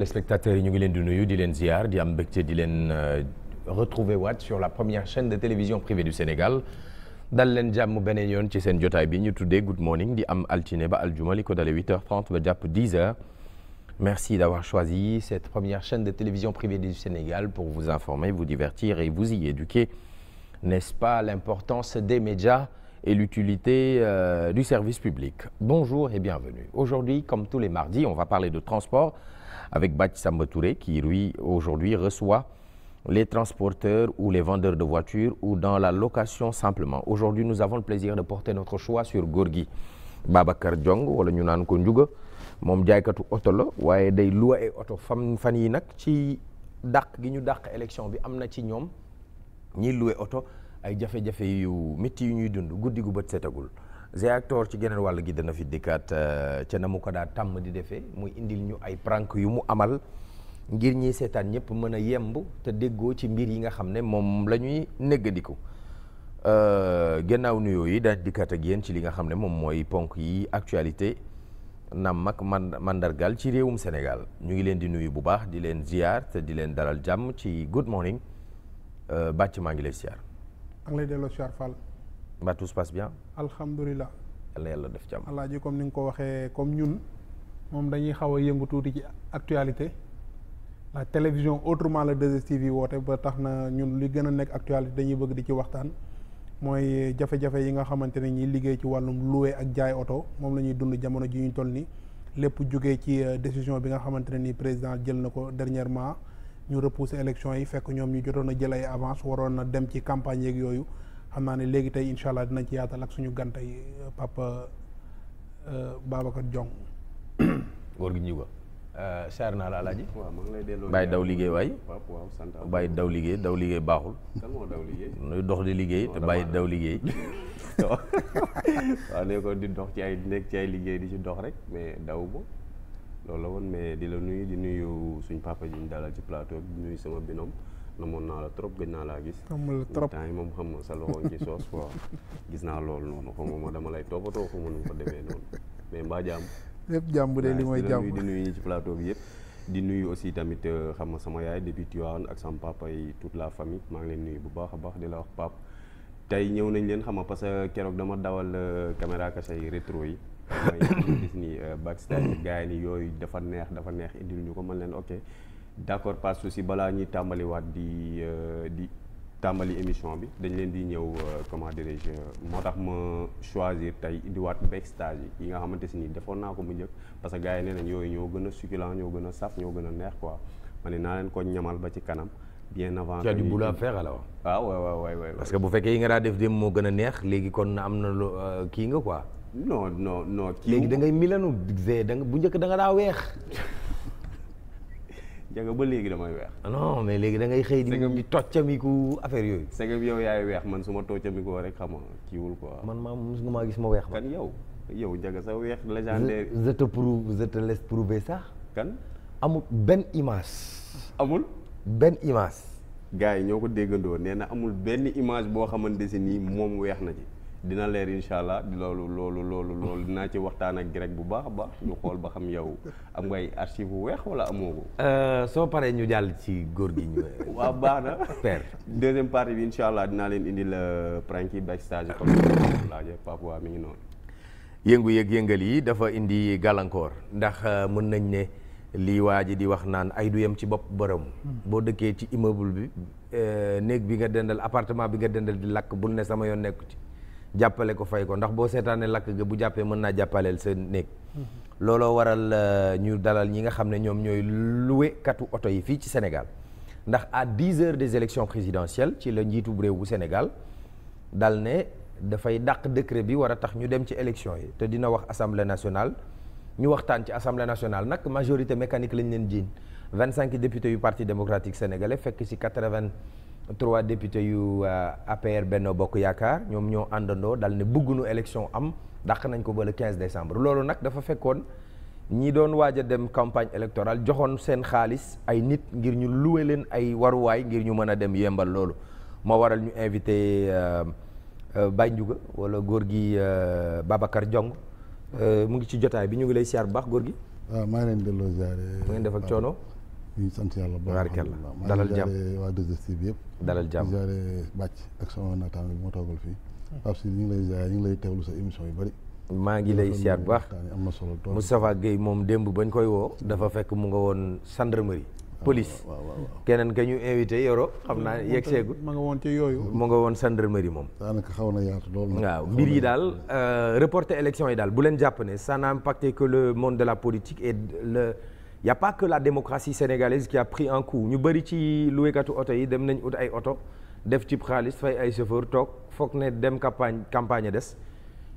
les spectateurs yi ñu ngi leen di nuyu leen ziar di am mbégte di leen euh, retrouver waat sur la première chaîne de télévision privée du Sénégal dal leen jàmm beneen yoon ci seen jotaay bi ñu tuddee good morning di am altine ba aljuma li ko dale 8h30 ba jàpp 10h merci d'avoir choisi cette première chaîne de télévision privée du Sénégal pour vous informer vous divertir et vous y éduquer n'est-ce pas l'importance des médias et l'utilité euh, du service public bonjour et bienvenue aujourd'hui comme tous les mardis on va parler de transport avec Bach Samba Touré qui, lui, aujourd'hui, reçoit les transporteurs ou les vendeurs de voitures ou dans la location simplement. Aujourd'hui, nous avons le plaisir de porter notre choix sur góor gi Babacar Diong wala ñu naan ko Ndiouga moom jaaykatu oto la waaye day luwa ay oto fan fan yi nag ci dàq gi ñu dàq élection bi am na ci ñoom ñiy luwe oto ay jafe-jafe yu métti yu ñuy dund guddi gu bët setagul Zéactor ci geneen wàll gi dana fi dikkaat euh, ca na mu ko daa tàmm di defee muy indil ñu ay prank yu mu amal ngir ñi seetaan ñëpp mën a yemb te déggoo ci mbir yi nga xam ne moom la ñuy néggadiku euh, gannaaw nuyoo yi daan dikkaat a yéen ci li nga xam ne moom mooy ponk yi actualité nam mag man mandargal ci réewum Sénégal ñu ngi leen di nuyu bu baax di leen ziar te di leen dalal jàmm ci good morning euh, bàcc maa ngi lay ziar. maa ngi lay mbaa tout se passe bien. alhamdulilah. yal na yàlla comme ni nga ko waxee comme ñun moom dañuy xaw a yëngu tuuti ci actualité la télévision autrement la 2STV woote ba tax na ñun li gën a nekk actualité dañuy bëgg di ci waxtaan mooy jafe-jafe yi nga xamante ne ñi liggéey ci wàllum louer ak jaay oto moom la ñuy dund jamono ji ñu toll nii lépp jógee ci euh, décision bi nga xamante ne ni président jël na ko dernièrement ñu repousser élection yi fekk ñoom ñu jotoon a jël ay avance waroon na dem ci campagne yeeg xam naa ne léegi tey incha allah dinañ ci yaatal ak suñu ganta tey euh, papa euh, Babacar Diong. góor gi Ndiouga. Euh, saar naa la alaaji. waaw maa ngi bàyyi daw liggéey waay. sant bàyyi daw liggéey daw liggéey baaxul. kan daw liggéey. nuy dox di liggéey te bàyyi daw liggéey. waaw ne di dox ci ay nekk ci ay liggéey di ci dox rek mais daw bo loolu la woon mais di la nuyu di nuyu suñ papa ji ñu dalal ci plateau bi di sama binom namoon naa la trop gëj naa laa gis. amul trop temps moom xam nga sa loxo ci soos quoi gis naa loolu noonu xaw ma dama lay toog xaw ma nu mu ko demee noonu mais mbaa jàmm. lépp jàmm bu dee li mooy jàmm di nuyu ñi ci plateau yëpp. di nuyu aussi tamit euh, xam nga sama yaay depuis Tivaouane ak sama papa yi toute la famille maa ngi leen nuyu bu baax a baax di la wax pap tey ñëw nañ leen xam nga parce que keroog dama dawal euh, caméra caché yi rétro yi. mooy gis ni euh, backstage gars yi ni yooyu dafa neex dafa neex indil ñu ko mën leen ok. d'accord pas souci balaa ñuy tàmbali waat di euh, di tàmbali émission bi dañu leen di ñëw euh, comment dirais-je moo tax ma choisir tey indiwaat backstage yi yi nga xamante si nii defoon naa ko mu njëkk parce que gars nañ yooyu ñoo gën a succulent ñoo gën a saf ñoo gën a neex quoi ma ne naa leen ko ñamal ba ci kanam bien avant. tu as du boulot à faire alors. waaw waaw waaw waaw. parce que bu fekkee yi nga daa def dem moo gën a neex léegi kon am na lu euh, kii nga quoi. non non non. kii léegi da ngay milanu zee da nga bu njëkk da nga daa weex. jaga ba léegi damay weex ah non mais léegi da ngay xëy di toccamiku affaire yooyu c'est que yow yaay weex man su ma toccamikoo rek xam nga kiiwul quoi man maa mos nga maa gis ma weex ma kan yow yow jaga sa weex légendaire je te prouve je te laisse sax kan amul benn image amul benn image gars yi ñoo ko déggandoo nee na amul benn image boo xamante si nii moom weex na ci dina leer incha allah loolu loolu loolu loolu dinaa ci waxtaan ak grec bu baax a baax ñu xool ba xam yow am ngay archive bu weex wala amoo ko. Euh, soo paree ñu jàll ci góor gi ñu. waaw baax na père. deuxième partie bi incha allah dinaa leen indi prank yi backstage comme laaje Pape waa mi ngi noonu. yëngu yëg yëngal yi dafa indi gàllankoor ndax euh, mën nañ ne lii waa ji di wax naan ay du yem ci bopp borom. Hmm. boo dëkkee ci immeuble bi euh, néeg bi nga dendal appartement bi nga dëndal di lakk bul ne sama yoon nekku ci. jàppale ko fay ko ndax boo seetaanee lakk ga bu jàppee mën naa jàppaleel sa néeg looloo waral euh, ñu dalal ñi nga xam ne ñoom ñooy luwe katu oto yi fii ci Sénégal ndax à dix heures des élections présidentielles ci la njiitu réew bu Sénégal dal ne dafay dàq décret bi war a tax ñu dem ci élection yi te dina wax assemblée nationale ñu waxtaan ci assemblée nationale nag majorité mécanique lañ leen jiin vingt cinq députés yu parti démocratique sénégalais fekk ci quatre vingt trois députés yu euh, APR benn Bokk Yaakaar ñoom ñoo àndandoo dal ne bëggunu élection am dàq nañ ko ba le 15 décembre loolu nag dafa fekkoon ñi doon waaj a dem campagne électorale joxoon seen xaalis ay nit ngir ñu luwe leen ay waruwaay ngir ñu mën a dem yembal loolu moo waral ñu invité euh, euh, Baye Ndiouga wala góor gi Babacar Diong mu ngi ci jotaay bi ñu ngi lay siyaar bu baax góor gi. waaw ah, maa ngi leen di def ak coono. ñu ngi ma toogal fii Pape Sidi ñu ngi lay ziar ñu ngi lay teewlu sa émission yu bëri maa ngi lay siyaar bu baax am na solo Moustapha Guèye moom démb bañ koy woo dafa fekk mu nga woon gendarmerie ah, police keneen ka ñu invité yoro xam naa yegg seegu mu nga woon gendarmerie moom waaw mbir yi daal euh, reporter élection yi daal bu leen jàpp ne ça n'a impacté que le monde de la politique et le y a pas que la démocratie sénégalaise qui a pris un coup ñu bëri ci luweekatu oto yi dem nañ ut ay oto def ci xaalis fay ay chauffeur toog foog ne dem campagne campagne des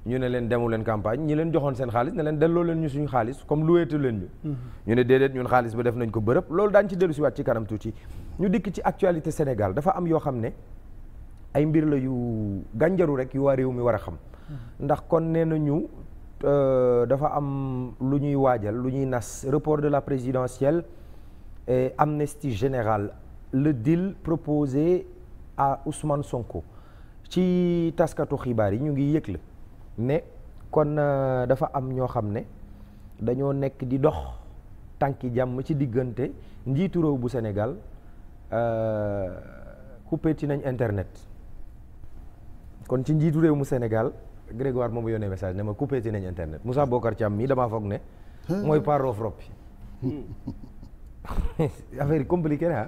ñu ne leen demu leen campagne ñi leen joxoon seen xaalis ne leen delloo leen ñu suñu xaalis comme luweetu leen ñu. Mhm. ñu ne déedéet ñun xaalis ba def nañ ko bërëb loolu daañu ci dellu si waat ci kanam tuuti ñu dikk ci actualité Sénégal dafa am yoo xam ne ay mbir la yu gànjaru rek yu waa réew mi war a xam. Mhm. Euh, dafa am lu ñuy waajal lu ñuy nas report de la présidentielle et amnistie générale le deal proposé à Ousmane Sonko ci taskatu xibaar yi ñu ngi yëg la ne kon euh, dafa am ñoo xam ne dañoo nekk di dox tànki jàmm ci diggante njiitu réew bu Sénégal euh, coupé ci nañ internet kon ci njiitu réew mu Sénégal Grégoire moom yónnee message ne ma coupé ci nañ internet Moussa Bokar Thiam mii damaa foog ne. mooy par roppi affaire yi compliqué na ah.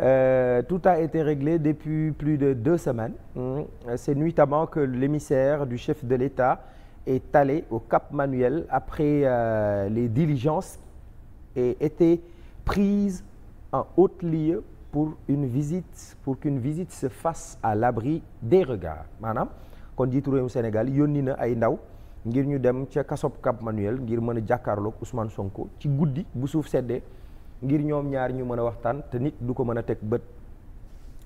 Euh, tout a été réglé depuis plus de deux semaines. Mm. c'est nuitamment que l'émissaire du chef de l'État est allé au Cap Manuel après euh, les diligences et était prise en haute lieu pour une visite pour qu'une visite se fasse à l'abri des regards maanaam. kon jiitu réewum Sénégal yónni na ay ndaw ngir ñu dem ca kasob Cap Manuel ngir mën a jàkkaarloog Ousmane Sonko ci guddi bu suuf seddee ngir ñoom ñaar ñu mën a waxtaan te nit du ko mën a teg bët.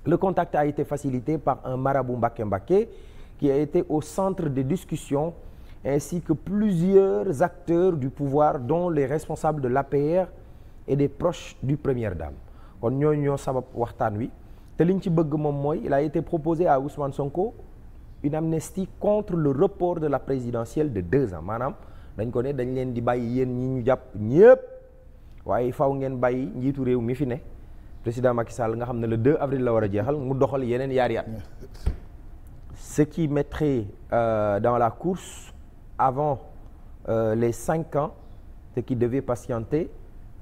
Le contact a été facilité par un marabout Mbacké Mbacké qui a été au centre des discussions ainsi que plusieurs acteurs du pouvoir dont les responsables de la l'APR et des proches du Première Dame kon ñooñu ñoo sabab waxtaan wi te liñ ci bëgg moom mooy il a été proposé Sonko une amnistie contre le report de la présidentielle de deux ans maanaam dañ ko ne dañ leen di bàyyi yéen ñi ñu jàpp ñëpp waaye faw ngeen bàyyi njiitu réew mi fi ne président Macky Sall nga xam ne la 2 avril la war a jeexal mu doxal yeneen yaari at ce qui mettrait euh, dans la course avant euh, les cinq ans ce qui devait patienter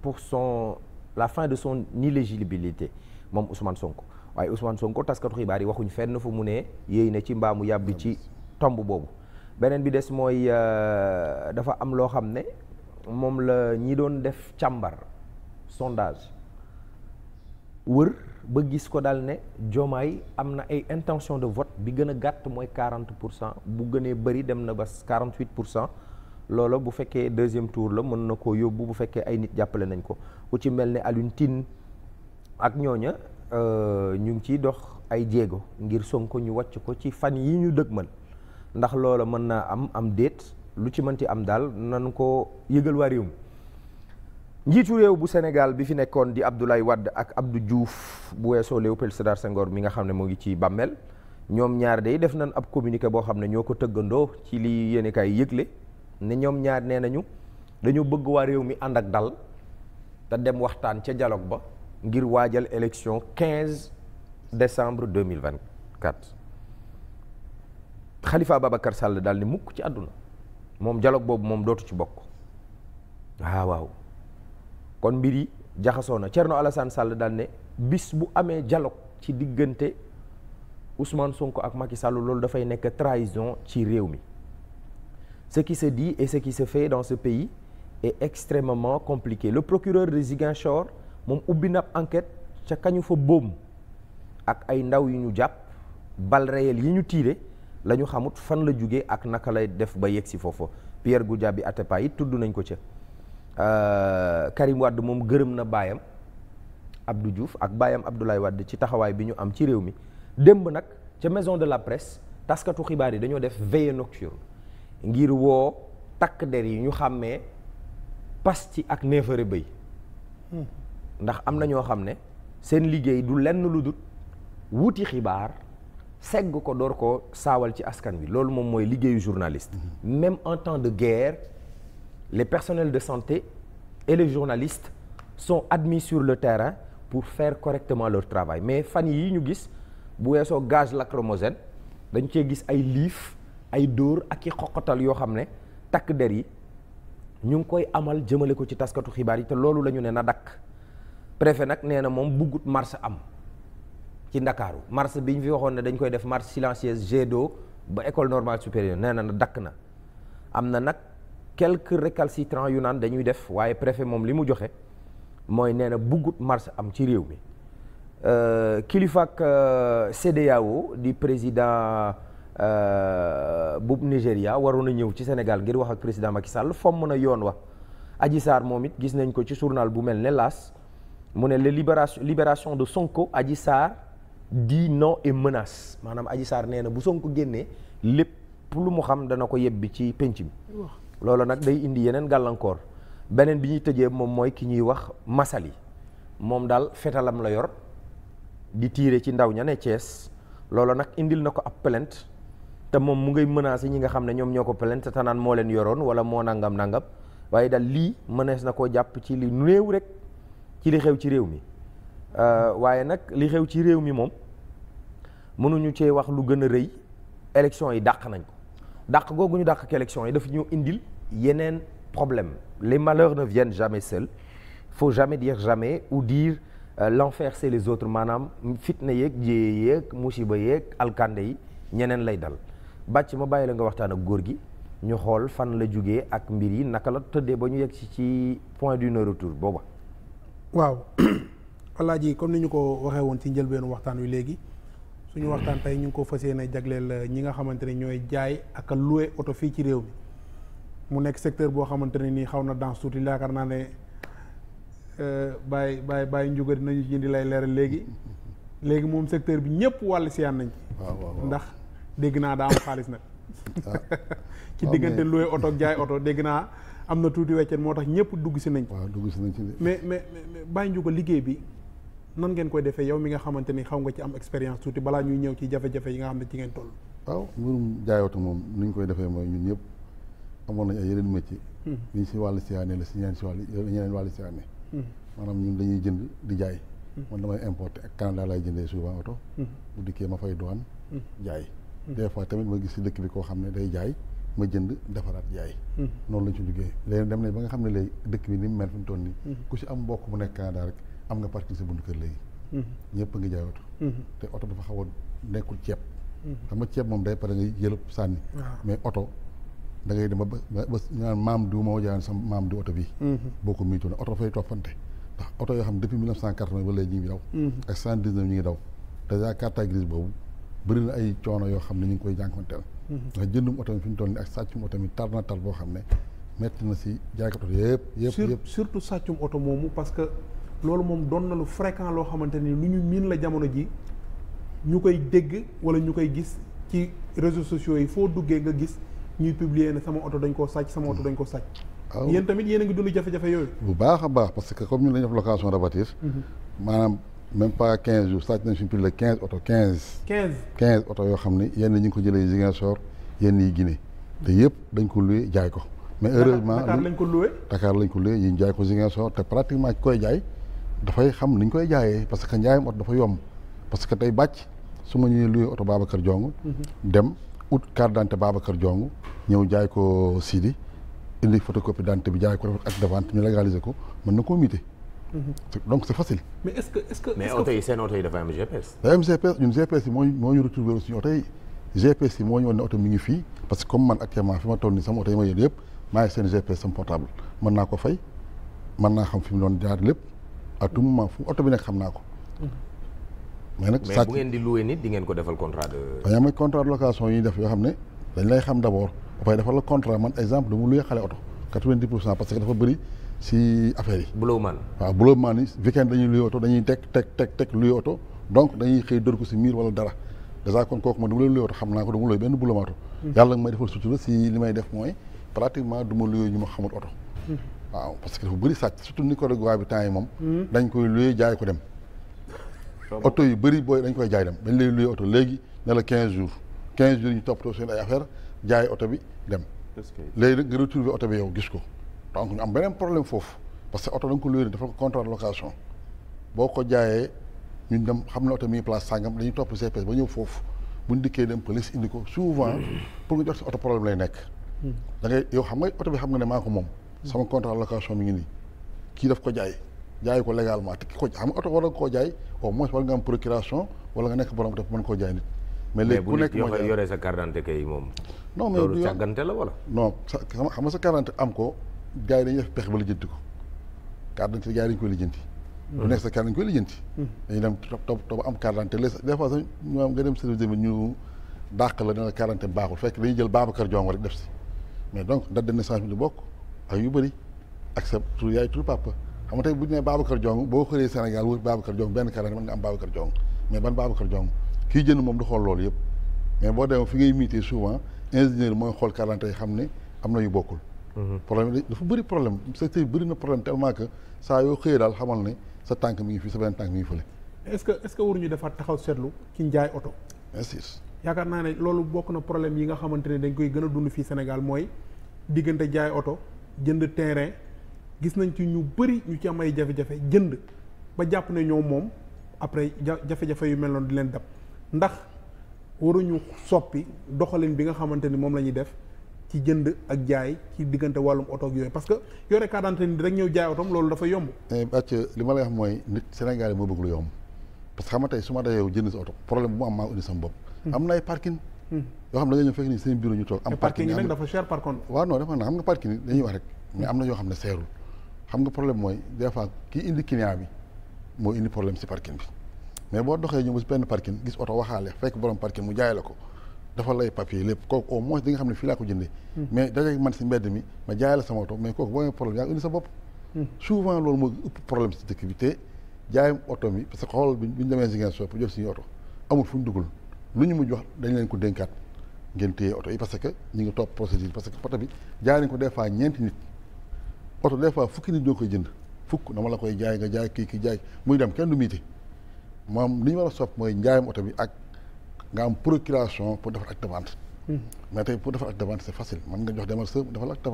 pour son la fin de son éligibilité moom Ousmane Sonko waaye Ousmane Sonko taskatu xibaar yi waxuñ fenn fu mu ne yéey na ci mbaamu yàbbi ci tomb boobu beneen bi des mooy euh, dafa am loo xam ne moom la ñi doon def càmbar sondage wër ba gis ko daal ne Diomaye am na ay intention de vote bi gën a gàtt mooy 40 pour cent bu gënee bëri dem na ba 48 pour cent loola bu fekkee deuxième tour la mën na koo yóbbu bu fekkee ay nit jàppale nañ ko ku ci mel ne Alioune Tine ak ñooña Euh, ñu ngi ciy dox ay jéego ngir Sonko ñu wàcc ko ci fan yi ñu dëgmal ndax loola mën naa am am déet lu ci mënti am daal nan ko yëgal waa réew mi njiitu réew bu Sénégal bi fi nekkoon di Abdoulaye wadd ak Abdou juuf bu weesoo Léopold sa Senghor mi nga xam ne mu ngi ci bàmmeel ñoom ñaar day def nañ ab communiqué boo xam ne ñoo ko tëggandoo ci li yéene yëgle ne ñoom ñaar nee nañu dañoo bëgg waa réew mi ànd ak dal te dem waxtaan ca dialogue ba ngir waajal élection 15 décembre 2024 Khalifa Ababacar Sall daal ni mukk ci àdduna moom dialogue boobu moom dootu ci bokk waaw ah, waaw kon mbir yi jaxasoo na Thierno Alassane Sall daal ne bis bu amee dialogue ci diggante Ousmane Sonko ak Macky Sall loolu dafay nekk trahison ci réew mi ce qui se dit et ce qui dans ce pays est extrêmement compliqué le procureur de Ziguinchor moom ubbi na ab ca kañu fa boom ak ay ndaw yu ñu jàpp bal réel yi ñu tiire la ñu xamut fan la jóge ak naka lay def ba yegg si foofu Pierre Goudiaby Atepa yi tudd nañ ko ca euh, Karim Wade moom gërëm na baayam Abdou juuf ak baayam Abdoulaye Wade ci taxawaay bi ñu am ci réew mi démb nag ca maison de la presse taskatu xibaar yi dañoo def veillée nocturne ngir woo takk der yi ñu xàmmee ci ak neefare bëy hmm. ndax am na ñoo xam ne seen liggéey du lenn lu dut wuti xibaar segg ko door ko saawal ci askan wi loolu moom mooy liggéeyu journaliste mm-hmm. même en temps de guerre les personnels de santé et les journalistes sont admis sur le terrain pour faire correctement leur travail mais fan yi ñu gis bu weesoo gaz lacrymogène dañ cee gis ay liif ay dóor ak i xoqatal yoo xam ne takk der yi ñu ngi koy amal jëmale ko ci taskatu xibaar yi te loolu la ñu ne na dakk préfet nag nee na moom buggut marche am ci ndakaaru marche bi ñu fi waxoon ne dañ koy def marche silencieuse gédo d'eau ba école normale supérieure nee na dakk na am na nag quelques récalcitrants yu naan dañuy def waaye préfet moom li mu joxe mooy nee na buggut marche am ci réew mi euh, kilifaak euh, CEDEAO di président euh, bu Nigéria waroon na ñëw ci Sénégal ngir wax ak président Macky Sall fomm na yoon wa Adji Sarr moom it gis nañ ko ci journal bu mel ne L'As mu ne la libération libération de sonk aji Sarr dit non et menace maanaam Adji saar nee na bu sonk génnee lépp lu mu xam dana ko yebbi ci penc bi loolu nag day indi yeneen gàllankoor beneen bi ñuy tëjee moom mooy ki ñuy wax Massaly moom daal fetalam la yor di tiire ci ndaw ña ne cees loolu nag indil na ko ab plainte te moom mu ngay menacé ñi nga xam ne ñoom ñoo ko plainte te naan moo leen yoroon wala moo nangam nangam waaye daal lii mënees na koo jàpp ci li néew rek ci li xew ci réew mi euh, waaye nag li xew ci réew mi moom mënuñu cee wax lu gën a rëy élection yi dàq nañ ko dàq googu ñu dàq ak élection yi dafa ñu indil yeneen problème les malheurs ne viennent jamais seuls faut jamais dire jamais ou dire euh, l'enfer c'est les autres maanaam fitna yeeg jéye yeeg musiba yeeg alkande yi ñeneen lay dal bàcc ma bàyyi la nga waxtaan ak góor gi ñu xool fan la jógee ak mbir yi naka la tëddee ba ñu yegg ci ci point du non-retour booba waaw alaaji comme ni ñu ko waxee woon ci njëlbeenu waxtaan wi léegi suñu waxtaan tey ñu ngi ko fas yéene jagleel euh, ñi nga xamante ne ñooy jaay aka a oto fii ci réew mi mu nekk secteur boo xamante ne nii xaw na dans tuuti yaakaar naa ne bàyyi euh, bàyyi bàyyi njuga dinañu ci indi lay leeral léegi léegi moom secteur bi ñëpp wàll siyaan nañ ci ndax dégg naa daa am xaalis nag ah. ci diggante loué oto ak jaay oto dégg naa am na tuuti weccet moo tax ñëpp dugg si nañ. waaw dugg si nañ ci mais mais bàyyi nju ko liggéey bi nan yow mi nga xamante ni xaw nga ci am expérience tuuti balaa ñuy ñëw ci jafe nga xam ne ci ngeen toll. waaw moom ni ñu koy defee mooy ñun ñëpp amoon nañ ay yeneen métier. Hmm. ñu si wàllu siyaane la si ñeneen si wàllu ñeneen wàllu siyaane. Hmm. maanaam ñun dañuy jënd di jaay. Hmm. man damay importer ak Canada laay jëndee souvent oto. bu dikkee ma fay douane. jaay. des fois tamit ma gis si dëkk bi koo xam ne day jaay ma jënd defaraat jaay. Hmm. noonu lañ ci liggéey léegi dem nañ ba nga xam ne léegi dëkk bi ni mu mel fi mu toll nii. Hmm. ku si am mbokk mu nekk Canada rek am nga parking sa buntu kër léegi. Hmm. ñëpp a ngi jaay oto. te oto dafa xaw a nekkul ceeb. xam nga ceeb moom day pare nga jël sànni. Ah. mais oto da ngay dem ba ba ba maam diw moo jaayoon sa maam diw oto bi. boo ko miitoon oto dafay toppante oto yoo xam depuis mille neuf cent quatre-vingt ba léegi ñu ngi daw. ak cent dix-neuf ñu ngi daw déjà carte grise boobu. bëri na ay coono yoo xam ne ñu ngi koy jànkonteel mhm. ndax jëndum oto mi fi ñu toll nii ak sàccum oto mi tar na tar boo xam ne metti na si jaaykat oto yëpp surtout sàccum oto moomu parce que loolu moom doon na lu fréquent loo xamante ni lu ñu miin la jamono ji ñu koy dégg wala ñu koy gis ci réseaux sociaux yi foo duggee nga gis ñuy publier ne sama oto dañ koo sàcc sama oto mhm. dañ koo sàcc ah yéen tamit yéen a ngi dund jafe-jafe yooyu bu baax a baax parce que comme ñu lañ def location mhm. même pas quinze jours sàcc nañ fi plus de quinze oto quinze. quinze quinze oto yoo xam ni yenn ñi ngi ko jëlee Ziguinchor yenn yi Guinée te yëpp dañ ko loué jaay ko. mais heureusement Dakar lañ ko loué. Dakar lañ ko loué ñu jaay ko Ziguinchor te pratiquement ki koy jaay dafay xam ni ñu koy jaayee parce que njaayam oto dafa yomb parce que tey bàcc su ma ñëwee loué oto Babacar Diong. Mhm. dem ut carte d'identité Babacar Diong ñëw jaay ko Sidi indi photocopie d'identité bi jaay ko ak devant ñu légaliser ko mën na koo mité. donc c' est facile. mais est ce que est ce que. mais seen oto yi dafa am GPS. day am GPS ñun comme man actuellement fi ma toll nii sama oto yi ma yóbbu yëpp fi mu doon jaar lépp à tout moment fu oto bi nekk xam naa ko. mais nag mais ko defal contrat de. dañoo am ay def yoo xam ne dañ lay xam d' abord dafay defal la contrat man exemple du mu xale oto parce que dafa bëri. si affaire yi. Blowman waaw Blowman yi weekend dañuy luy oto dañuy teg teg teg teg oto donc dañuy xëy dër si miir wala dara dèjà kon kooku man du ma oto xam naa ko du ma luy benn Blowmato. Hmm. yàlla oto. Hmm. waaw parce que dafa bëri sàcc surtout ni ko rek waa bi temps yi moom. Hmm. dañ koy luy jaay ko dem. oto yu bëri booy dañ koy jaay dem dañ lay luy oto léegi ne quinze jours quinze jours ñu toppatoo seen ay affaire jaay oto bi dem. léegi nga retrouver oto bi yow gis ko donc ñu am beneen problème foofu parce que oto da nga ko luy dafa ko contrat de location boo ko jaayee ñu dem xam na oto mi place sàngam dañuy topp GPS ba ñëw foofu bu ñu dikkee dem police indi ko souvent pour nga jox sa oto problème lay nekk. da ngay yow xam nga oto bi xam nga ne maa ko moom. sama contrat de location mi ngi nii kii daf ko jaay jaay ko légalement te ki ko xam nga oto war nga koo jaay au moins war nga am procuration wala nga nekk borom oto mën koo jaay nit. mais nekk moo jaay yoree sa carte d'identité kay moom. non la wala. non xam nga sa carte d'identité am ko. gars yi dañuy def pexe ba lijjanti ko carte d'identité gars yi dañu koy lijjanti. bu nekk sa carte dañu koy lijjanti. dañuy dem topp topp am carte d'identité des fois sax ñu am nga dem service bi ñu dàq la ne la carte d'identité baaxul fekk dañuy jël Babacar Diongo rek def si mais donc date de naissance bi du bokk ak yu bëri ak sa tur yaay tur papa xam nga tey bu ñu nee Babacar boo xëree Sénégal wër Babacar Diongo benn carte mën nga am Babacar Diongo mais ban Babacar Diongo kii jënd moom du xool loolu yëpp mais boo demee fi ngay miitee souvent ingénieur mooy xool carte d'identité xam ne am na yu bokkul Mhm. problème yi dafa bëri problème secteur bëri na problème tellement que saa yoo xëyee daal xamal ne sa tànk mi ngi fii sa beneen tànk mi ngi fële. que est-ce que waruñu defaat taxaw seetlu ci njaay oto. yaakaar naa ne loolu bokk na problème yi nga xamante ne dañ koy gën a dund fii Sénégal mooy diggante jaay oto jënd terrain gis nañ ci ñu bëri ñu ci am ay jafe-jafe jënd ba jàpp ne ñoom moom après jafe-jafe yu mel noonu di leen dab ndax waruñu soppi doxalin bi nga xamante ni moom la ñuy def. ci jënd ak jaay ci diggante wàllum oto ak yooyu parce que yore carte d'identité ni rek ñëw jaay otom loolu dafa yomb eh, bàcc li ma lay wax mooy nit Sénégal yi moo bëgg lu yomb parce tey su ma dee yow jënd sa oto mu am maa indi sama bopp hmm. am hmm. yoo xam ne da nga ñëw fekk ni par contre waaw non dafa na xam nga parking yi dañuy wax xam ne seerul xam nga problème mooy des fois kii indi client bi moo indi problème si parking bi mais boo doxee ñëw ba si benn parking gis oto waxaale fekk borom parking mu jaay la ko dafa lay papier lépp kooku au moins di nga xam ne fii laa ko jëndee. Hmm. mais dajeeg man si mbedd mi ma jaay la sama oto mais kooku boo amee problème sa bopp. Hmm. souvent loolu moo ëpp problème si dëkk bi oto mi parce que xool bi ñu demee Ziguinchor pour jël suñu oto amul fu ñu dugal lu ñu mujj wax dañ leen ko dénkaat ngeen téye oto yi parce que ñu ngi topp procédure parce que oto bi jaay nañ ko des fois ñeenti nit oto des fois fukki nit ñoo jënd fukk dama la koy jaay nga jaay kii kii jaay muy dem kenn du miite maam li ñu war a sopp mooy njaayam oto bi ak. nga am procuration pour defar acte de vente. Hmm. mais tey pour defar acte de vente c'est facile mën nga jox démarcheur mu defal acte de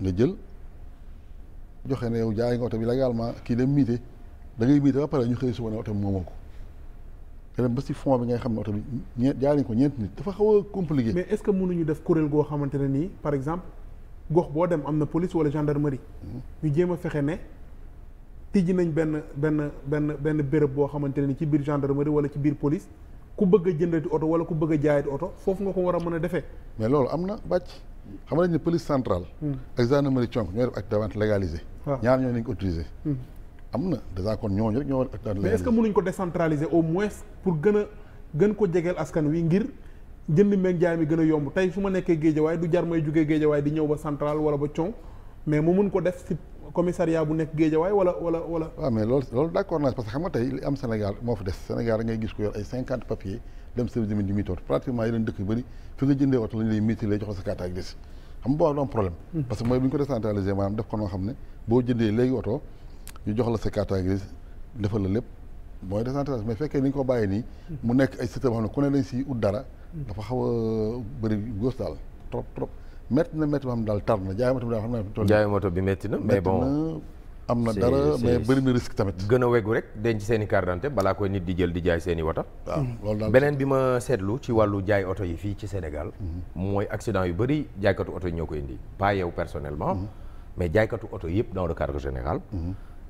nga jël joxe ne yow jaay nga oto bi légalement kii dem miite da ngay miite ba pare ñu xëy suba ne oto bi ko. te dem ba si fon bi ngay xam ne oto bi ñeent jaay nañ ko ñeent nit dafa xaw a compliqué. mais est-ce que mënuñu def kuréel goo xamante ne nii par exemple gox boo dem am na police wala gendarmerie. Hmm. ñu jéem a fexe ne. tijji nañ benn benn benn benn béréb boo xamante ne ni ci biir gendarmerie wala ci biir police. ku bëgg a jëndati oto wala ku bëgg a jaayati oto foofu nga ko war a mën a defee. mais loolu am na bàcc xam nañ ne police centrale. Hmm. ak gendarmerie conk ñooy def légalisé. ñaar ñoo nañ ko autorisé. Hmm. am na dèjà kon ñoo war acte de vente légalisé mais est-ce que au moins pour gën gën ko jegeel askan wi ngir jënd meeg jaay mi gën a yomb tey su ma nekkee waaye du jar may jugee waaye di ñëw ba central wala ba conk mais mu mun ko def si commissariat bu nekk a wala wala wala. waaw mais loolu loolu d' accord naa parce que xam nga tey li am Sénégal moo fi des Sénégal da ngay gis ko yor ay cinquante papiers dem service de mine di pratiquement yeneen dëkk yu bëri fi nga jëndee oto la ñu lay mutilé jox la sa carte ak xam nga boobu hmm. xam ne boo jëndee léegi oto ñu jox la sa carte ak defal la lépp mooy décentralisé mais fekkee ni ñu ko bàyyee nii. Hmm. mu nekk ay système xam ne ku ne lañ si ut dara. Hmm. dafa xaw a euh, bëri gos daal trop trop métti na métti ba xam daal tar na jaay moto bi daal xam naa. bi métti na mais bon am na dara mais bëri na risque tamit. gën a wegu rek denc seeni i balaa koy nit di jël di jaay seen i wata. beneen bi ma seetlu ci wàllu jaay oto yi fii ci Sénégal. mooy accident yu bëri jaaykatu oto yi ñoo koy indi. pas yow personnellement. mais jaaykatu oto yëpp dans le cadre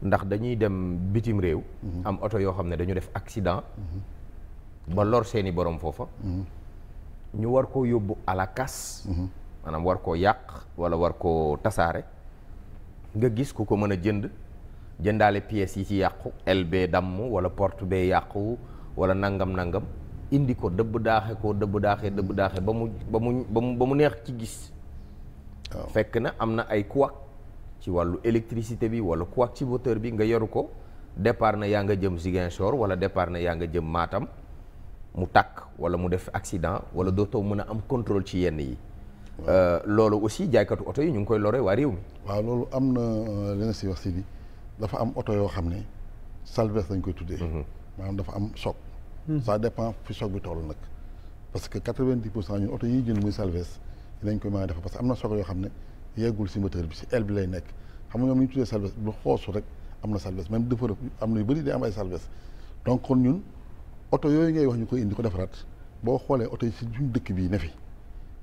ndax dañuy dem bitim réew. am oto yoo xam ne dañu def accident. ba lor seen i borom foofa. Hmm. ñu war ko yóbbu à la maanaam war koo yàq wala war koo tasaare nga gis ku ko mën a jënd jëndaale pièces yi ci yàqu lb damm wala port bee yàqu wala nangam nangam indi ko dëbb daaxe ko dëbb daaxe dëbb daaxe ba mu ba mu ba mu neex ci gis. fekk na am na ay couac ci wàllu électricité bi wala couac ci woteur bi nga yoru ko départ na yaa nga jëm Ziguinchor wala départ na yaa nga jëm maatam mu takk wala mu def accident wala dootoo mën a am contrôle ci yenn yi. Euh, loolu aussi jaaykatu oto yi ñu ngi koy lore waa réew mi. waaw loolu am na euh, li nga si wax si bi dafa am oto yoo xam ne salvage lañ koy tuddee. Mhm. maanaam dafa am choc. Hmm. ça dépend fi choc bi parce que quatre vingt pour cent ñun oto yi jënd muy salvage dinañ koy mën a def parce am na yoo xam ne yeggul si moteur bi si aile bi lay nekk xam nga ñoom ñu tuddee salvage bu xoosu rek am na salvage même dafa am na yu bëri day am ay salvage donc kon ñun oto yooyu ngay wax ñu koy indi ko defaraat boo xoolee oto yi si suñ dëkk bii ne fi.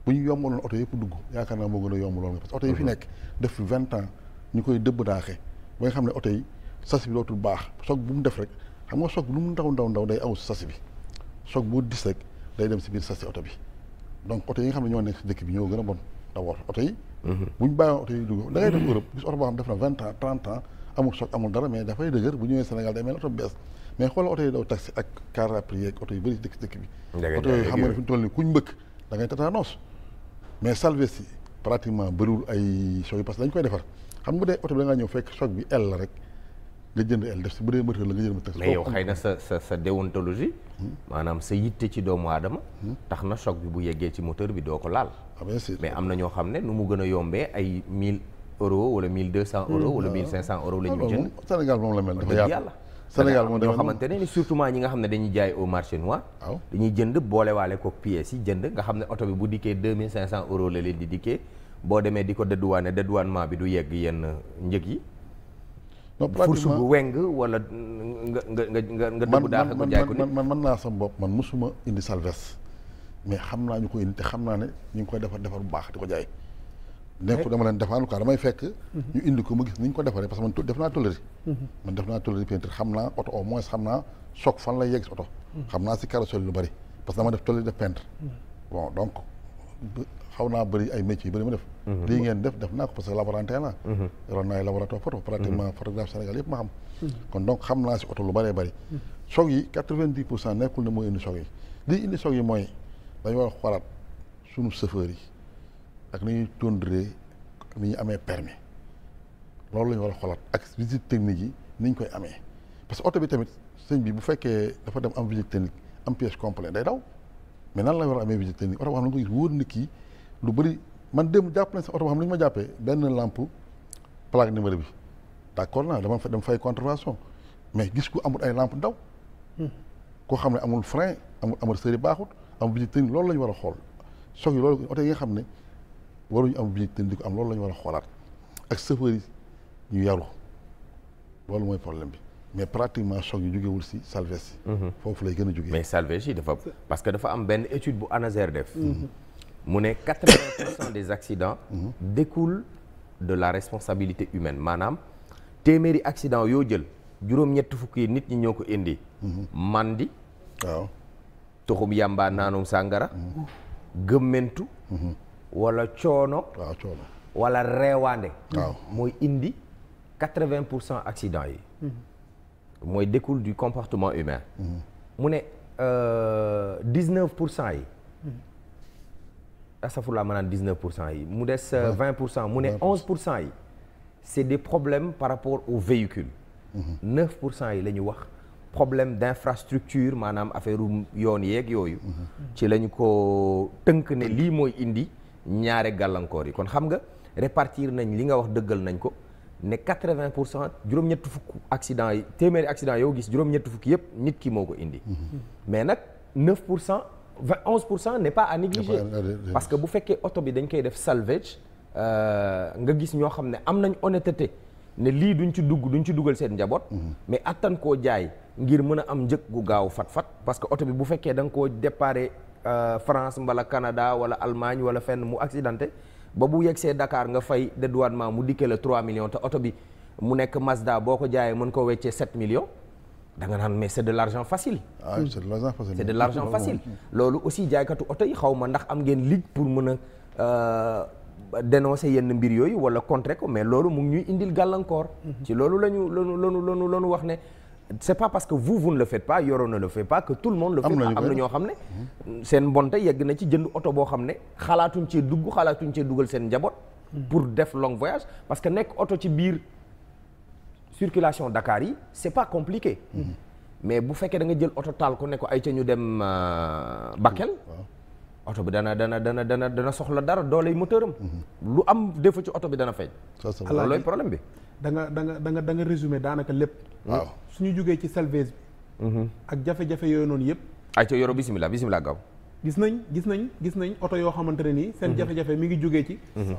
bu ñu yombaloon oto yëpp dugg yaakaar naa moo gën a yomb lool parce yi fi mhm. nekk def fi vingt ans ñu koy dëbb daaxee ba xam ne oto yi sas bi dootul baax soog bu mu def rek xam nga lu mu ndaw ndaw ndaw day aw si sas bi soog boo dis rek day dem oto bi donc oto yi bi ñoo gën a bon d'abord mhm. ñu bàyyoon mhm. boo xam def na vingt ans trente ans amul soog amul dara mais dafay dëgër bu ñëwee Sénégal day mel oto bees mais xoolal oto yi daw taxi ak car rapide yeeg oto yu bëri si dëkk si dëkk bi oto yi xam ne fi ñu kuñ mbëkk da ngay mais Salvesti pratiquement bëriwul ay choc yi parce que dañ koy defar xam nga bu dee oto bi da ñëw fekk choc bi L rek nga jënd L def si bu dee moteur la nga jënd moteur. mais na sa sa hmm? maanaam sa yitte ci doomu aadama. Hmm? tax na choc bi bu yeggee ci moteur bi doo ko laal. Ah, mais am na ñoo xam ne nu mu gën a yombee ay 1000 euros wala 1200 hmm, euros. wala 1500 euh, euros la ñuy jënd. Sénégal moom la mel dafa yaatu Sénégal moo demee xamante ne ni surtout ñi nga xam ne dañuy jaay au marché noir. waaw dañuy jënd boolewaale ko pièces yi jënd nga xam ne oto bi bu dikkee deux mille cinq cent euros la leen di dikkee boo demee di ko dédouané dédouanement bi du yegg yenn njëg yi. non fourche bu weng wala nga nga nga nga dëggu daal ko jaay ko man man man naa sam bopp man mosuma indi salves mais xam naa ñu ko indi te xam naa ne ñu ngi koy defar defar bu baax di ko jaay. nekku dama leen defaan quoi damay fekk ñu indi ko ma gis ni ko defaree parce que man def naa tôlerie man def naa tôlerie peinture xam naa oto au moins xam naa choc fan lay yegg si oto xam naa si carrosserie lu bari parce que dama def tôlerie def peintre bon donc xaw naa bëri ay métiers yu bëri ma def lii ngeen def def naa ko parce que laborantin la yoroon naa ay laboratoire photo pratiquement photographe Sénégal yëpp ma xam kon donc xam naa si oto lu bëree bari choc yi quatre-vingt-dix pour cent nekkul ne mooy indi choc yi mooy dañu war a xoolaat suñu chauffeur yi ak ni ñuy tondree ni ñu amee permis loolu la war a xoolaat ak visite technique yi ni ñu koy amee parce que oto bi tamit sëñ bi bu fekkee dafa dem am visite technique am pièce complet day daw mais nan la war a amee visite technique oto boo xam ne ko gis kii lu bëri man dem jàpp nañ oto xam ne ñu ma jàppee benn lampe plaque numéro bi d'accord naa dama dem fay contravention mais gis ku amul ay làmp daw koo xam ne amul frein amul amortisseur yi baaxut amul visite technique loolu la war a xool choc yi loolu oto yi nga xam ne waruñu am bi ñu di ko am loolu la ñu war a xoolaat ak chauffeur ñu yaru loolu mooy problème bi mais pratiquement choc yi jógewul si Salves mhm. foofu lay gën a jógee mais Salves yi dafa parce que dafa am benn étude bu ANASER def mhm. Mhm. mu ne quatre-vingts pour des accidents découlent de la responsabilité humaine maanaam téeméeri accident yoo jël juróom-ñett fukki nit ñi ñoo ko indi mandi waaw toxum yàmbaa naanum sàngara gëmmentu wala coono. waaw coono wala reewaande. mooy indi quatre-vingts pour cent accident yi. Mm-hmm. mooy découle du comportement humain. Mm-hmm. mu ne euh, dix-neuf pour cent yi. Mm-hmm. astafurlaa maanaam dix-neuf pour cent yi mu des euh, vingt pour cent mu ne onze pour cent yi c'est des problème par rapport au véhicule pour cent yi la ñu wax problème d'infrastructure maanaam affaire yoon yeeg yooyu ci la ko tënk ne lii mooy indi ñaare gàllankoor yi kon xam nga répartir nañ li nga wax dëggal nañ ko ne 80 pour cent juróom-ñetti fukk accident yi téeméeri accident yow gis juróom-ñetti fukk yëpp nit ki moo ko indi. Mm-hmm. mais nag 9 pour cent 20 11 pour cent n'est pas à négliger. parce que bu fekkee oto bi dañ koy def salvage euh, nga gis ñoo xam ne am nañ honnêteté ne lii duñ ci dugg duñ ci dugal seen njaboot. Mm-hmm. mais attan koo jaay ngir mën a am njëg gu gaaw fat-fat parce que oto bi bu fekkee danga koo déparé. Euh, France mbala kanada wala Allemagne wala fenn mu accidenté ba bu yegsee dakaar nga fay dédouanement mu dikkee la 3 millions te oto bi mu nekk Mazda boo ko jaayee mën koo weccee 7 millions danga naan mais c'est de l'argent facile. ah c'est de l'argent facile. c'est ah, loolu aussi jaaykatu oto yi xaw ma ndax am ngeen ligue pour mën a euh, dénoncer yenn mbir yooyu wala contrer ko mais loolu mu ngi indil gàllankoor. Mm-hmm. ci loolu la ñu la ñu la ñu wax ne. c'est pas parce que vous vous ne le faites pas Yoro ne le fait pas que tout le monde le fait am na ñoo xam ne mhm. seen mbonte yegg na ci jënd oto boo xam ne xalaatuñ cee dugg xalaatuñ cee dugal seen njaboot mhm. pour def long voyage parce que nekk oto ci biir circulation Dakar yi c'est pas compliqué mhm. mais bu fekkee da nga jël oto taal ko ne ko ay ca ñu dem euh, Bakel oto bi dana dana dana dana dana soxla dara dooley moteur am lu am defa ci oto bi dana feeñ loolooy problème bi danga danga da nga da nga résumé daanaka lépp. waaw suñu jugee ci Salvez bi. Mhm. ak jafe-jafe yooyu noonu yëpp. ay ca yoro bisimilah bisimilah gaw gis nañ gis nañ gis nañ oto yoo xamante ne nii. seen mhm. jafe-jafe mi ngi jógee ci. Mhm.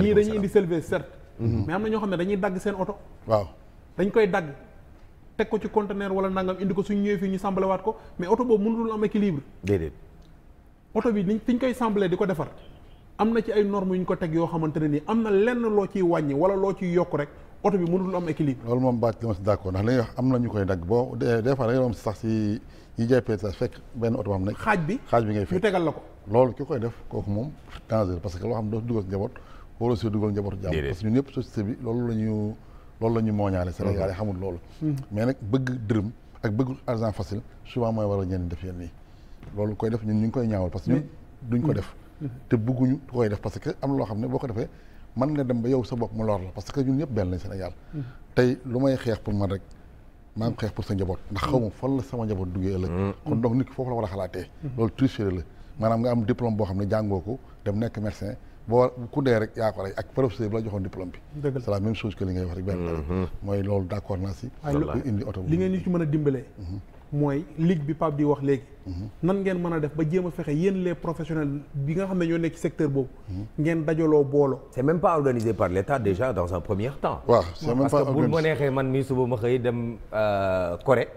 ñii dañuy indi Salvez certes. mais am na ñoo xam ne dañuy dagg seen oto. waaw dañ koy dagg. teg ko ci conteneur wala nangam indi ko suñu ñëwee fii ñu sambalewaat ko mais oto boobu mun mënul am équilibre. déedéet. oto bi niñ fi ñu koy sambalee di ko defar. am na ci ay normes yu ñu ko teg yoo xamante ne nii am na lenn loo ciy wàññi wala loo ciy yokk rek oto bi mënul am équilibre. loolu moom bàcc li ma si d'accord ndax na ñu koy dagg boo des fois da ngay am sax fekk benn oto ba xam ne. xaaj bi xaaj bi ngay fekk ñu tegal la ko. loolu ki koy def kooku moom danger parce que loo xam ne doo si dugal njaboot waroo si dugal njaboot jàmm parce que la ñu loolu la ñu mooñaale Sénégal yi xamul loolu hmm. mais nag bëgg dërëm ak bëgg argent facile souvent mooy waral ñeen def yenn yi loolu koy def ñun ñu ngi koy ñaawal parce que hmm. duñ ko hmm. def te bëgguñu koy def parce que am loo xam ne boo ko defee mën nga dem ba yow sa bopp mu lor la parce que ñun ñëpp benn lañ Sénégal tey lu may xeex pour man rek maa ngi xeex pour sa njaboot ndax xaw ma fan la sama njaboot duggee ëllëg mm-hmm. kon donc nit ki foofu la war a xalaatee loolu tricherie la maanaam nga am diplôme boo xam ne jàngoo ko dem nekk médecin boo ku dee rek yaa ko rey ak professeur bi la joxoon diplôme bi c'est la même chose li ngay wax rek benn mm-hmm. mooy loolu d'accord naa si indi oto li ngeen ñu ci a dimbalee mm-hmm. mooy ligue bi Pape di wax léegi. Mhm. nan ngeen mën a def ba jéem a fexe yéen les professionnels bi nga xam ne ñoo nekk secteur boobu. Mhm. ngeen dajaloo booloo. c'est même pas organisé par l'État déjà dans un premier temps. waaw c'est ma neexee man mii suba ma xëy dem euh, Corée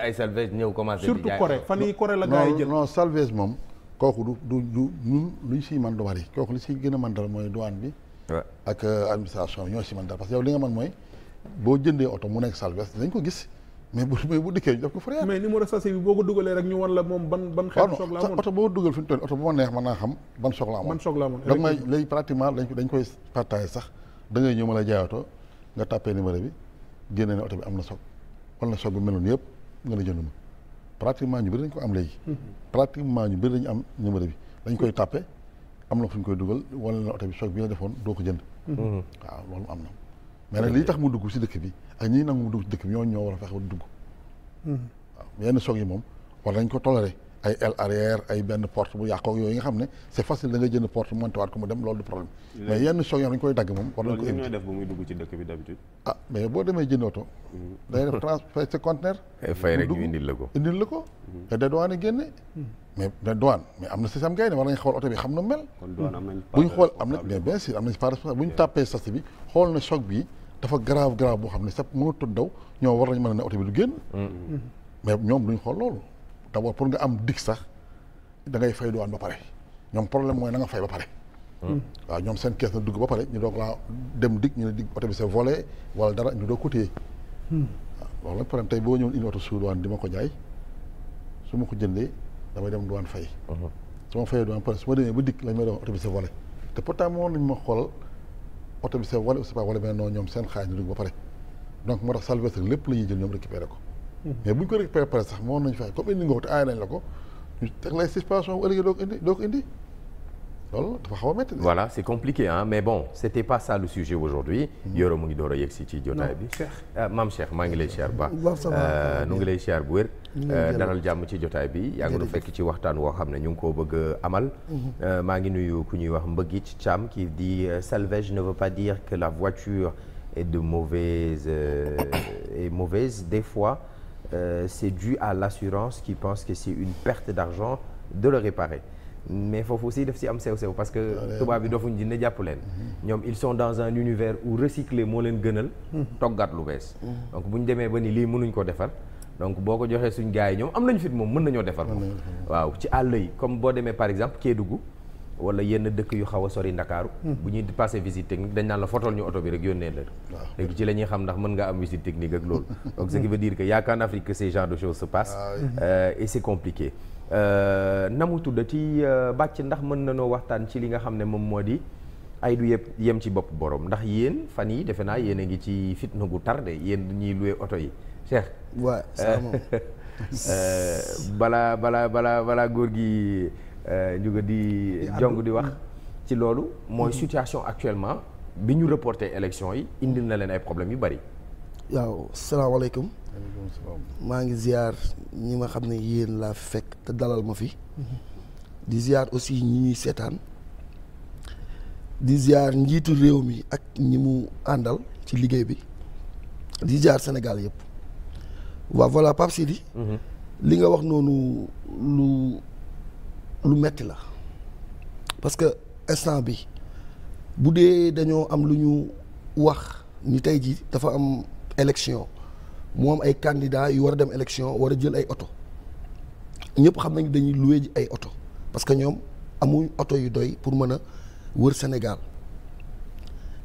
ay salvage ñëw commencé. surtout fan yii Corée la gars yi jël non moom. kooku du du du ñun luñ siy mën du bari kooku li siy gën a mën dal mooy douane bi. ak euh, ñoo si mën dal parce li nga man mooy boo jëndee oto mu nekk salvage dañ ko gis. mais bu mais bu dikkee ñu def ko fourrière. mais numéro sachet bi boo ko dugalee rek ñu wan la moom ban ban. xeetu soxla amoon oto boo dugal fi mu toll xam ban soxla amoon. ban soxla amoon donc may léegi pratiquement dañ dañ koy partager ma la jaay oto nga tàppee bi génne ne oto bi am na soog wala na soog meloon yëpp nga la jënd ma pratiquement ñu bëri dañ ko am léegi. Mhm. pratiquement ñu bëri dañu am numéro bi dañ koy tàppe am na fu ñu koy dugal wala na oto bi soog bi la defoon doo ko jënd. Mhm. waaw loolu am na mais nag li tax mu dugg si dëkk bi ak ñi nangu mu dugg dëkk bi ñoo ñoo war a fexe dugg mm-hmm. waaw yenn choc yi moom war nañ ko toléré ay aile arrière ay benn porte bu yàqoo yooyu nga xam ne c' est facile da nga jënd porte monté ko mu dem loolu du problème mais yenn choc yoo dañ koy dagg moom war nañ ko ah, boo demee jënd oto mm-hmm. day def transfert sa eh, indil la ko indil la ko mm-hmm. te da douane génne mais da douane mais am na si kay ne war nañ xool oto bi xam na mel bu ñu xool am na mais bien am nañ pas responsable bu ñu tàppee sas bi xool na choc bi dafa grave grave boo xam ne sax mënatut daw ñoom war nañ mën a ne oto bi du génn. mais ñoom duñ xool loolu. d' pour nga am dig sax da ngay fay duwaan ba pare ñoom problème mooy na nga fay ba pare. waaw ñoom seen kees na dugg ba pare ñu doog laa dem dig ñu ne dig oto bi c'est volé ñu doog ko téye. waaw loolu nag problème tey boo ñëwoon indi oto suuf duwaan di ma ko jaay su ma ko jëndee damay dem duwaan fay. Uh-huh. su ma fayee duwaan pare su ma demee ba dikk lañ may doon oto bi c'est volé te pourtant moo nañ ma oto bi c'est wala c'est pas wala ñoom seen xaaj na dugg ba pare donc moo tax salvestre lépp la ñuy jël ñoom récupéré ko hmm. mais bu ñu ko récupéré pare sax moom nañu fexe comme indi nga ko te nañ la ko teg lay suspension bu ëllëgee doo ko indi doo ko indi loolu dafa xaw a métti voilà c'est compliqué mais bon c'était pas ça le sujet aujourd'hui hmm. Yoro mu ngi door a yegg bi Cheikh euh, maam Cheikh maa ngi lay siyaar ba euh, nu ngi lay siyaar bu wér Euh, dalal jàmm ci jotaay bi yaa ngi nu fekk ci waxtaan woo xam ne ñu ngi koo bëgg amal mhm. euh, maa ngi nuyu ku ñuy wax mbëggi ci Thiam qui di euh, salvage ne veut pas dire que la voiture est de mauvaise est mauvaise des fois euh, c'est dû à l'assurance qui pense que c'est une perte d'argent de le réparer mais foofu aussi def si am sew sew parce que ah, tubaab bi dofuñ dina jàpp leen mhm. ñoom ils sont dans un univers où recycler moo leen gënal mhm. toggaat lu bees donc bu ñu demee ba ni lii mënuñ ko defar donc boo ko joxee suñ gars yi ñoom am nañu fit moom mën nañoo defar moom waaw ci àll yi comme boo demee par exemple Kédougou wala yenn dëkk yu xaw a sori Ndakaaru hmm. bu ñuy passé visite technique dañ naan la fotol ñu oto bi rek yónnee la léegi ci la ñuy xam ndax mën nga am visite technique ak loolu donc ce qui veut dire que y a qu'en Afrique que ces genres de choses se passent ah euh, euh, ci euh, ndax mën nanoo waxtaan ci li nga xam ne moom moo di ay du yëpp yem ci bopp boroom ndax yéen fan yi defe naa yéen a ngi ci fitna gu tardé yéen ñuy loué oto yi Cheikh waaw ça euh, euh, balaa balaa balaa balaa góor gi juga euh, di jong di wax mm. ci loolu mooy mm. situation actuellement bi ñu reporté élection yi indi na leen ay problèmes yu bari waaw salaamaaleykum maa ngi ziar ñi ma xam ne yéen laa fekk te dalal ma fi mm-hmm. di ziar aussi ñi ñuy seetaan di ziar njiitu réew mi ak ñi mu àndal ci liggéey bi di ziar Sénégal yëpp waaw voilà Pape Sidi mhm. li nga wax noonu lu lu metti la parce que instant bi bu dee dañoo am lu ñu wax ni tey ji dafa am élection mu am ay candidats yu war a dem élection war a jël ay oto ñëpp xam nañ dañuy loué ji ay oto parce que ñoom amuñ oto yu doy pour mën a wër Sénégal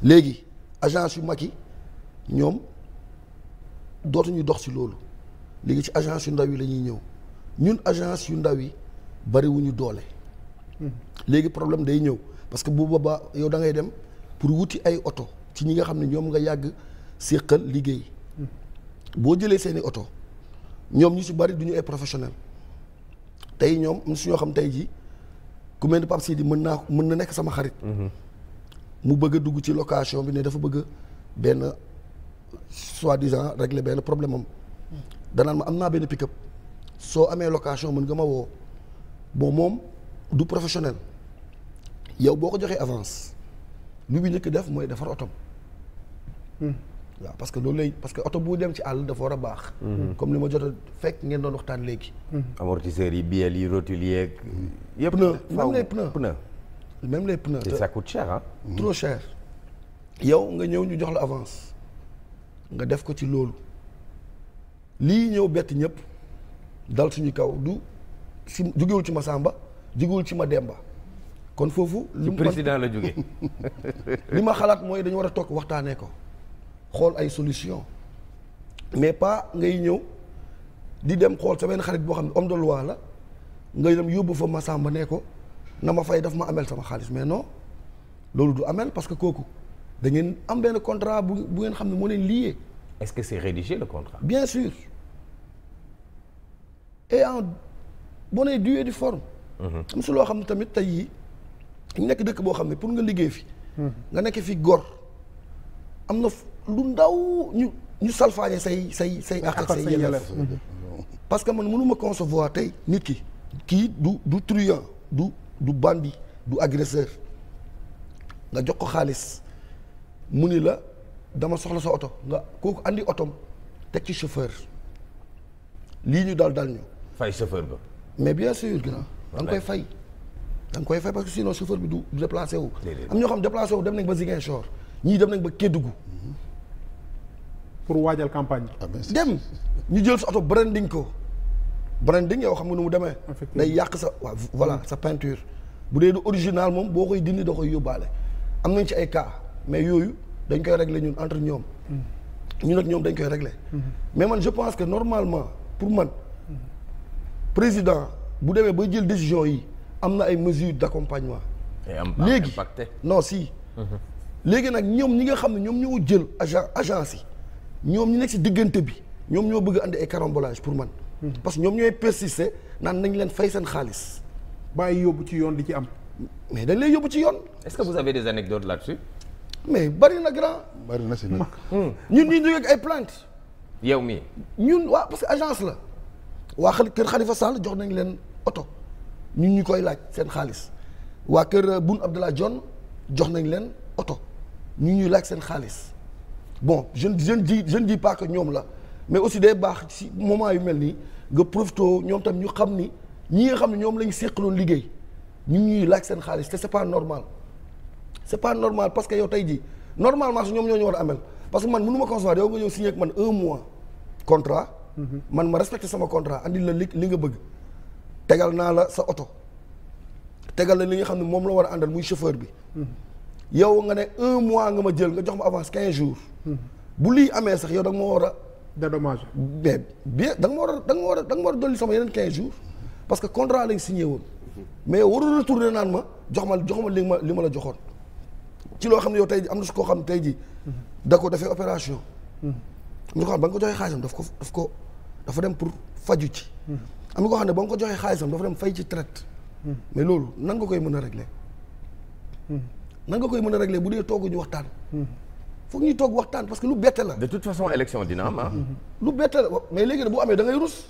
léegi agence yu mag yi ñoom dootuñu dox si loolu léegi ci agence yu ndaw yi lañuy ñëw ñun agence yu ndaw yi bariwuñu doole. Hmm. léegi problème day ñëw parce que bu boobaa yow da ngay dem pour wuti ay oto ci ñi nga xam ne ñoom nga yàgg séqal liggéey. Hmm. boo jëlee seeni oto ñoom ñu si bari du ñu ay professionnel tey ñoom am su ñoo xam tey ji ku mel ni Pape mën naa mën na nekk sama xarit. Hmm. mu bëgg dugg ci location bi ne dafa bëgg benn soi-disant régler benn problème am. danaan ma am naa benn pick-up soo amee location mën nga ma woo bon moom du professionnel yow boo ko joxee avance lu muy njëkk def mooy defar otom hmm. waa parce que loolu lay parce que oto bu dem ci àll dafa war a baax. Hmm. comme li ma jot a fekk ngeen doon waxtaan léegi. Hmm. amortisseurs yi biel yi rotules yeeg. yëpp pneu même les pneus pneu. même les pneus te ça coûte cher ah. trop cher. yow nga ñëw ñu jox la avance nga def ko ci loolu. lii ñëw bett ñëpp dal suñu kaw du si jugewul ci ma sàmba jógewul ci ma Mademba kon foofu. lu président la jóge li ma xalaat mooy dañu war a toog waxtaanee ko xool ay solution mais pas ngay ñëw di dem xool sa benn xarit boo xam ne homme de loi la ngay dem yóbbu fa ma Masamba ne ko na ma fay daf ma amel sama xaalis mais non loolu du amel parce que kooku da ngeen am benn contrat bu bu ngeen xam ne moo leen lié. est-ce que c'est rédigé le contrat. et en bonne due et due forme. Mhm. loo xam ne tamit tey yi ñu nekk dëkk boo xam ne pour nga liggéey fi. Mhm. nga nekk fi gor. am na lu ndaw ñu ñu salfaañe say say say ak say yelleef mhm. parce que man mënuma concevoir tey nit ki kii du du truand du du bandit du agresseur nga jox ko xaalis mu ni la dama soxla sa oto nga kooku àndi otom teg ci chauffeur lii ñu dal dal ñu fay chauffeur ba. mais bien sûr grand da nga koy fay. da koy fay parce que sinon chauffeur bi du déplacé wu. am ñoo xam déplacé wu dem nañ ba Ziguinchor ñii dem nañ ba Kédougou. waajal campagne ah, dem ñu jël sa oto branding ko. branding yow xam nga nu mu demee. day yàq sa waaw voilà sa peinture. bu dee du original moom boo koy dindi doo koy yóbbaale. am nañ ci ay cas mais yooyu dañ koy régler ñun entre ñoom. Hmm. ñun ak ñoom dañ koy régler. Hmm. mais man je pense que normalement pour man. président bu demee ba jël décision yi am na ay mesures d'accompagnement. léegi non si. léegi nag ñoom ñi nga xam ne ñoom ñoo jël agent agence yi ñoom ñu nekk si diggante bi ñoom ñoo bëgg andi ay carambolage pour man. Mhm. parce que ñoom ñooy persister naan nañ leen fay seen xaalis. bàyyi yóbbu ci yoon di ci am. mais dañ lay yóbbu ci yoon. est-ce que vous avez des anecdotes là-dessus. mais bari na grand. bari na si nag. Hmm. ñun ñuy jógee ak ay plainte. yow mii. ñun waa parce que agence la. waa kër Khalifa Sall jox nañ leen oto ñun ñu koy laaj seen xaalis waa kër euh, Boun Abdallah Dionne jox nañ leen oto ñu ñuy laaj seen xaalis bon jeune je ne dis je ne dis que ñoom la mais aussi day baax ci moment yu mel nii nga profité ñoom tam ñu xam ni ñi nga xam ne ñoom la ñu liggéey ñu ñuy laaj seen xaalis te c'est pas normal c'est pas normal parce que yow tey jii normalement su ñoom ñooñu ñu war a amel parce que man mënu ma concevoir yow nga ñëw signé ak man mois contrat man ma respecté sama contrat andil la li li nga bëgg tegal naa la sa oto tegal la li nga xam ne moom la war a àndal muy chauffeur bi yow nga ne un mois nga ma jël nga jox ma avance quinze jours bu lii amee sax yow da nga ma war a dédommage mais bien da nga da nga ma war a da nga ma war a dolli sama yeneen quinze jours parce que contrat lañ si woon mais warul retourné naan ma jox ma jox ma li ma li ma la joxoon ci loo xam ne yow tey am na su koo xam tey ji da ko defee opération am hmm. na ko xam ba nga ko joxee dafa dem pour faju ci am na koo xam ne ba nga ko joxee xaalisam dafa dem fay ci traite mais loolu nanga koy mën a régler nan nga koy mën a régler bu dee tooguñu waxtaan foog ñuy toog waxtaan parce que lu bette la de toute façon élection dina am ah. lu bette la mais léegi nag boo amee da ngay rus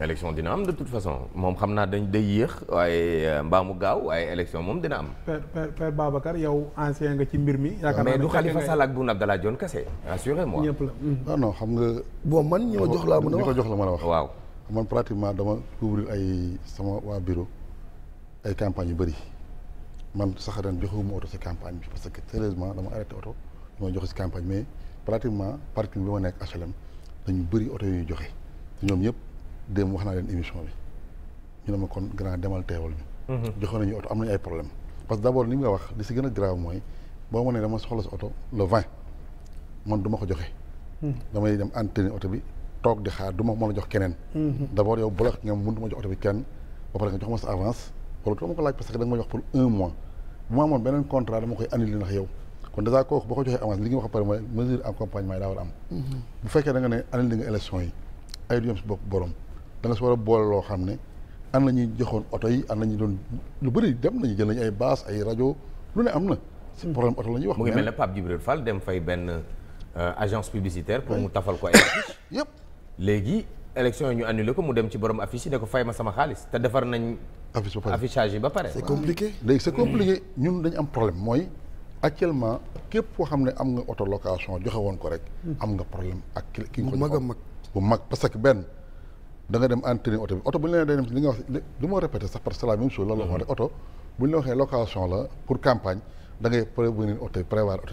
élection dina am de toute façon moom xam naa dañ day yéex waaye euh, mbaamu gaaw waaye élection moom dina am. père père père Babacar yow ancien nga ci mbir mi. yaakaar naa mais du Khalifa Sall ak Boun Abdallah Dionne kese. assurez-moi ñëpp la. non mm. ah non xam nga. bon man ñi ma jox laa mën a wax ko jox la mën a wax. waaw man pratiquement dama couvrir ay sama waa bureau ay campagne yu bëri man sax ren joxewuma oto si campagne bi parce que sérieusement dama arrêté oto dama joxe si campagne mais pratiquement parking nekk HLM dañu bëri oto yu joxe ñoom ñëpp. démb wax naa leen émission bi ñu ne kon grand demal teewal ñu. Mhm. joxoon nañu oto am nañu ay problème parce que d' abord li nga wax li si gën a grave mooy boo ma nee dama sa oto le vingt man du ma ko joxe. Mhm. damay dem entretenir oto bi toog di xaar du ma mën jox keneen. Mhm. d' abord yow bloqué nga mënut ma jox oto bi kenn ba pare nga jox ma sa avance wala doo ma ko laaj parce que da nga ma jox pour un mois bu ma amoon beneen contrat dama koy annulé ndax yow. kon dèjà kooku boo ko joxee li nga wax pare mooy mesure accompagnement a ne annulé nga élection yi ay da nga si war a boole loo xam ne am la ñuy joxoon oto yi am na ñuy doon lu bëri dem nañu jël nañu ay baas ay rajo lu ne am na. si hmm. problème oto la ñuy wax. mu ngi mel ne Pape Djibril dem fay benn euh, agence publicitaire mu tafal ko yëpp léegi élection yi ñu annulé ko mu dem ci borom affiche yi ne ko fay ma sama xaalis te defar nañ. affiche ba pare ba pare. c'est compliqué hmm. léegi c'est compliqué ñun dañu am problème mooy. actuellement képp koo xam ne am nga auto joxe woon ko rek. Hmm. am nga problème ak ki nga mag a mag bu mag parce que benn. da nga dem entraîner oto bi oto bu ñu la nee day dem li nga wax li ma répété sax parce que la même chose oto bu ñu la waxee location la pour campagne da ngay prévenir oto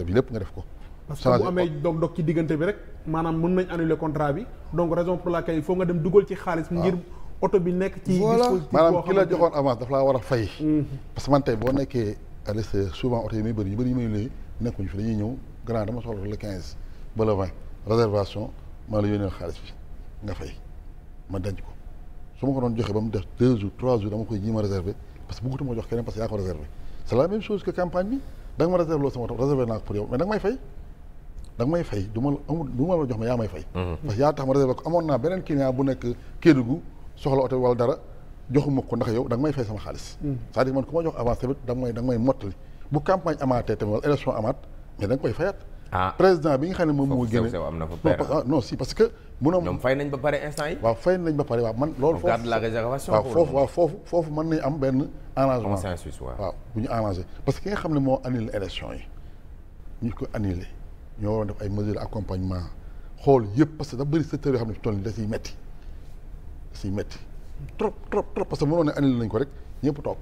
bi lépp nga def ko parce que bu amee dog dog ci diggante bi rek maanaam mën nañ annuler contrat bi donc raison pour laquelle il faut nga dem dugal ci xaalis ngir oto bi nekk ci dispositif maanaam ki war fay mhm. parce que man boo nekkee à l'extérieur souvent oto yi muy bëri bëri yu nekkuñu fi dañuy ñëw grand dama soxla le quinze ba le réservation maa la yónnee xaalis bi nga fay ma denc ko su ma ko doon joxe ba mu def deux jours trois jours dama koy ñi ma réservé parce que bëggutuma jox keneen parce que yaa ko réservé c'est la même que campagne bi da ma réservé loo sama tool réservé naa ko pour yow mais da may fay du ma la amul ma yaa may fay. Mhm. parce que yaa tax ma réservé ko amoon naa beneen client bu nekk Kédougou soxla oto wala dara joxuma ko ndax yow da may fay sama xaalis. Mhm. cest à man ku ma jox avancé bi Ah. président bi nga xam ne moom moo génne am na fa non ah, si parce que mënoom ñoom fay nañ ba pare instant yi waaw fay nañ ba pare waaw man loolu foofu la réservation waaw foofu waaw foofu am benn arrangement waaw bu ñu arrangé parce que ki nga xam ne moo annulé élection yi ñu ko annulé ñoo waroon def ay mesures d'accompagnement xool yëpp parce que dafa bëri secteur yoo xam ne fi toll nii da ciy metti da ciy metti trop trop trop parce que mënoon ne annulé nañ ko rek ñëpp toog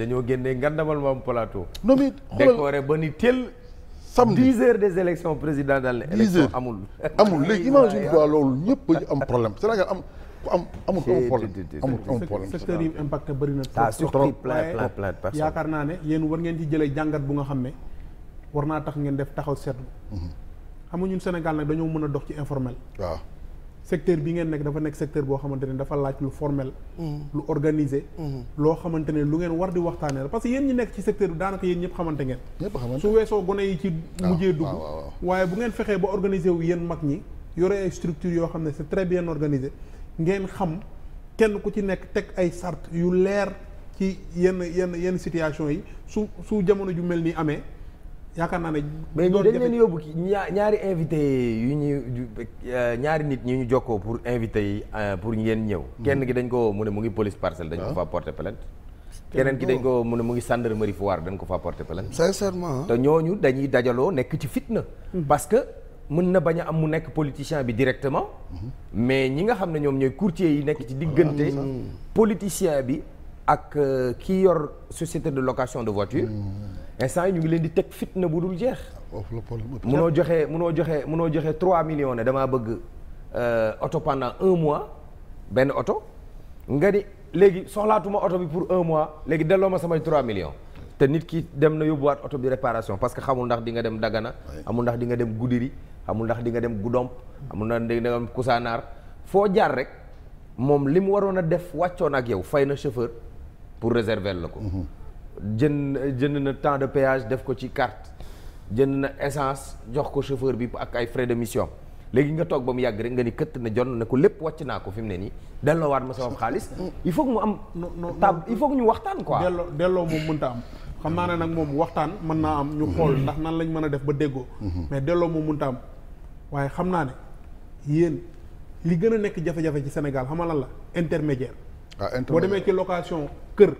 dañoo génnee ngandamal moom plateau non mais xoolal décoré samedi dix des élections président daal ne. dix heures amul amul léegi imagine quoi loolu ñëpp ñu am problème Sénégal am ku am amul problème amul amul problème. secteur yi impacté bëri na. ah surtout yaakaar naa ne yéen war ngeen ci jëlee jàngat bu nga xam ne war naa tax ngeen def taxaw seetlu. Mhm. xam nga Sénégal nag dañoo mën a dox ci informel. waaw. secteur bi ngeen nekk dafa nekk secteur boo xamante ne dafa laaj lu formel. Mm-hmm. lu organisé. Mm-hmm. loo xamante ne lu ngeen war di waxtaanee la parce que yéen ñi nekk ci secteur bi daanaka yéen ñëpp xamante ngeen. ñëpp xamante su weesoo gone yi ci ah, mujjee dugg. waaye bu ngeen fexee ba organisé wu yéen mag ñi yore ay structure yoo xam ne c'est très bien organisé ngeen xam kenn ku ci nekk teg ay sart yu leer ci yenn yenn yenn situation yi su su jamono ju mel ni amee. yaakaar naa ne. mais ñu dañ leen yóbbu ki ñaari invité yu ñu euh, ñaari nit ñi ñu jokkoo pour invité yi euh, pour ñu ngeen ñëw. Hmm. kenn ki dañ ko mu ne mu ngi police parcelle. dañ ko ah. fa porter plainte. keneen ki dañ ko mu ne mu ngi gendarmerie foire dañ ko fa porter plainte. sincèrement te ñooñu dañuy dajaloo nekk ci fitna. Hmm. parce que mën na bañ a am mu nekk politicien bi directement. Hmm. mais ñi nga xam ne ñoom ñooy courtier yi nekk ci diggante. Ah, politicien bi ak euh, kii yor société de location de voiture. instant yi ñu ngi leen di teg fitna bu dul jeex. munoo joxe munoo joxe munoo joxe trois millions ne damaa bëgg euh, oto pendant un mois benn oto nga ni léegi soxlaatuma oto bi pour un mois léegi delloo ma samay trois millions. te nit ki dem na yóbbuwaat oto bi réparation parce que xamul ndax dinga dem Dagana. amul ndax di nga dem Goudiri amul ndax di nga dem Goudomp. amul ndax di nga dem Kousanaar foo jaar rek moom li mu waroon a def wàccoon ak yow fay na chauffeur pour réserver la ko. Mhm. jën jënd na temps de péage def ko ci carte jën na essence jox ko chauffeur bi ak ay frais de mission léegi nga toog ba mu yàgg rek nga ni këtt na jon na ko lépp wàcc naa ko fi mu ne nii delloowaat ma am xaalis il faut que mu am tab il faut que ñu waxtaan ko delloo delloo moom mënta am xam naa ne nag moom waxtaan mën naa am ñu xool mm-hmm. ndax nan lañ mën a def ba déggoo mm-hmm. mais delloo moom mënta am waaye xam naa ne yéen li gën a nekk jafe-jafe ci Sénégal xama lan la intermédiaire ah, boo demee ci kër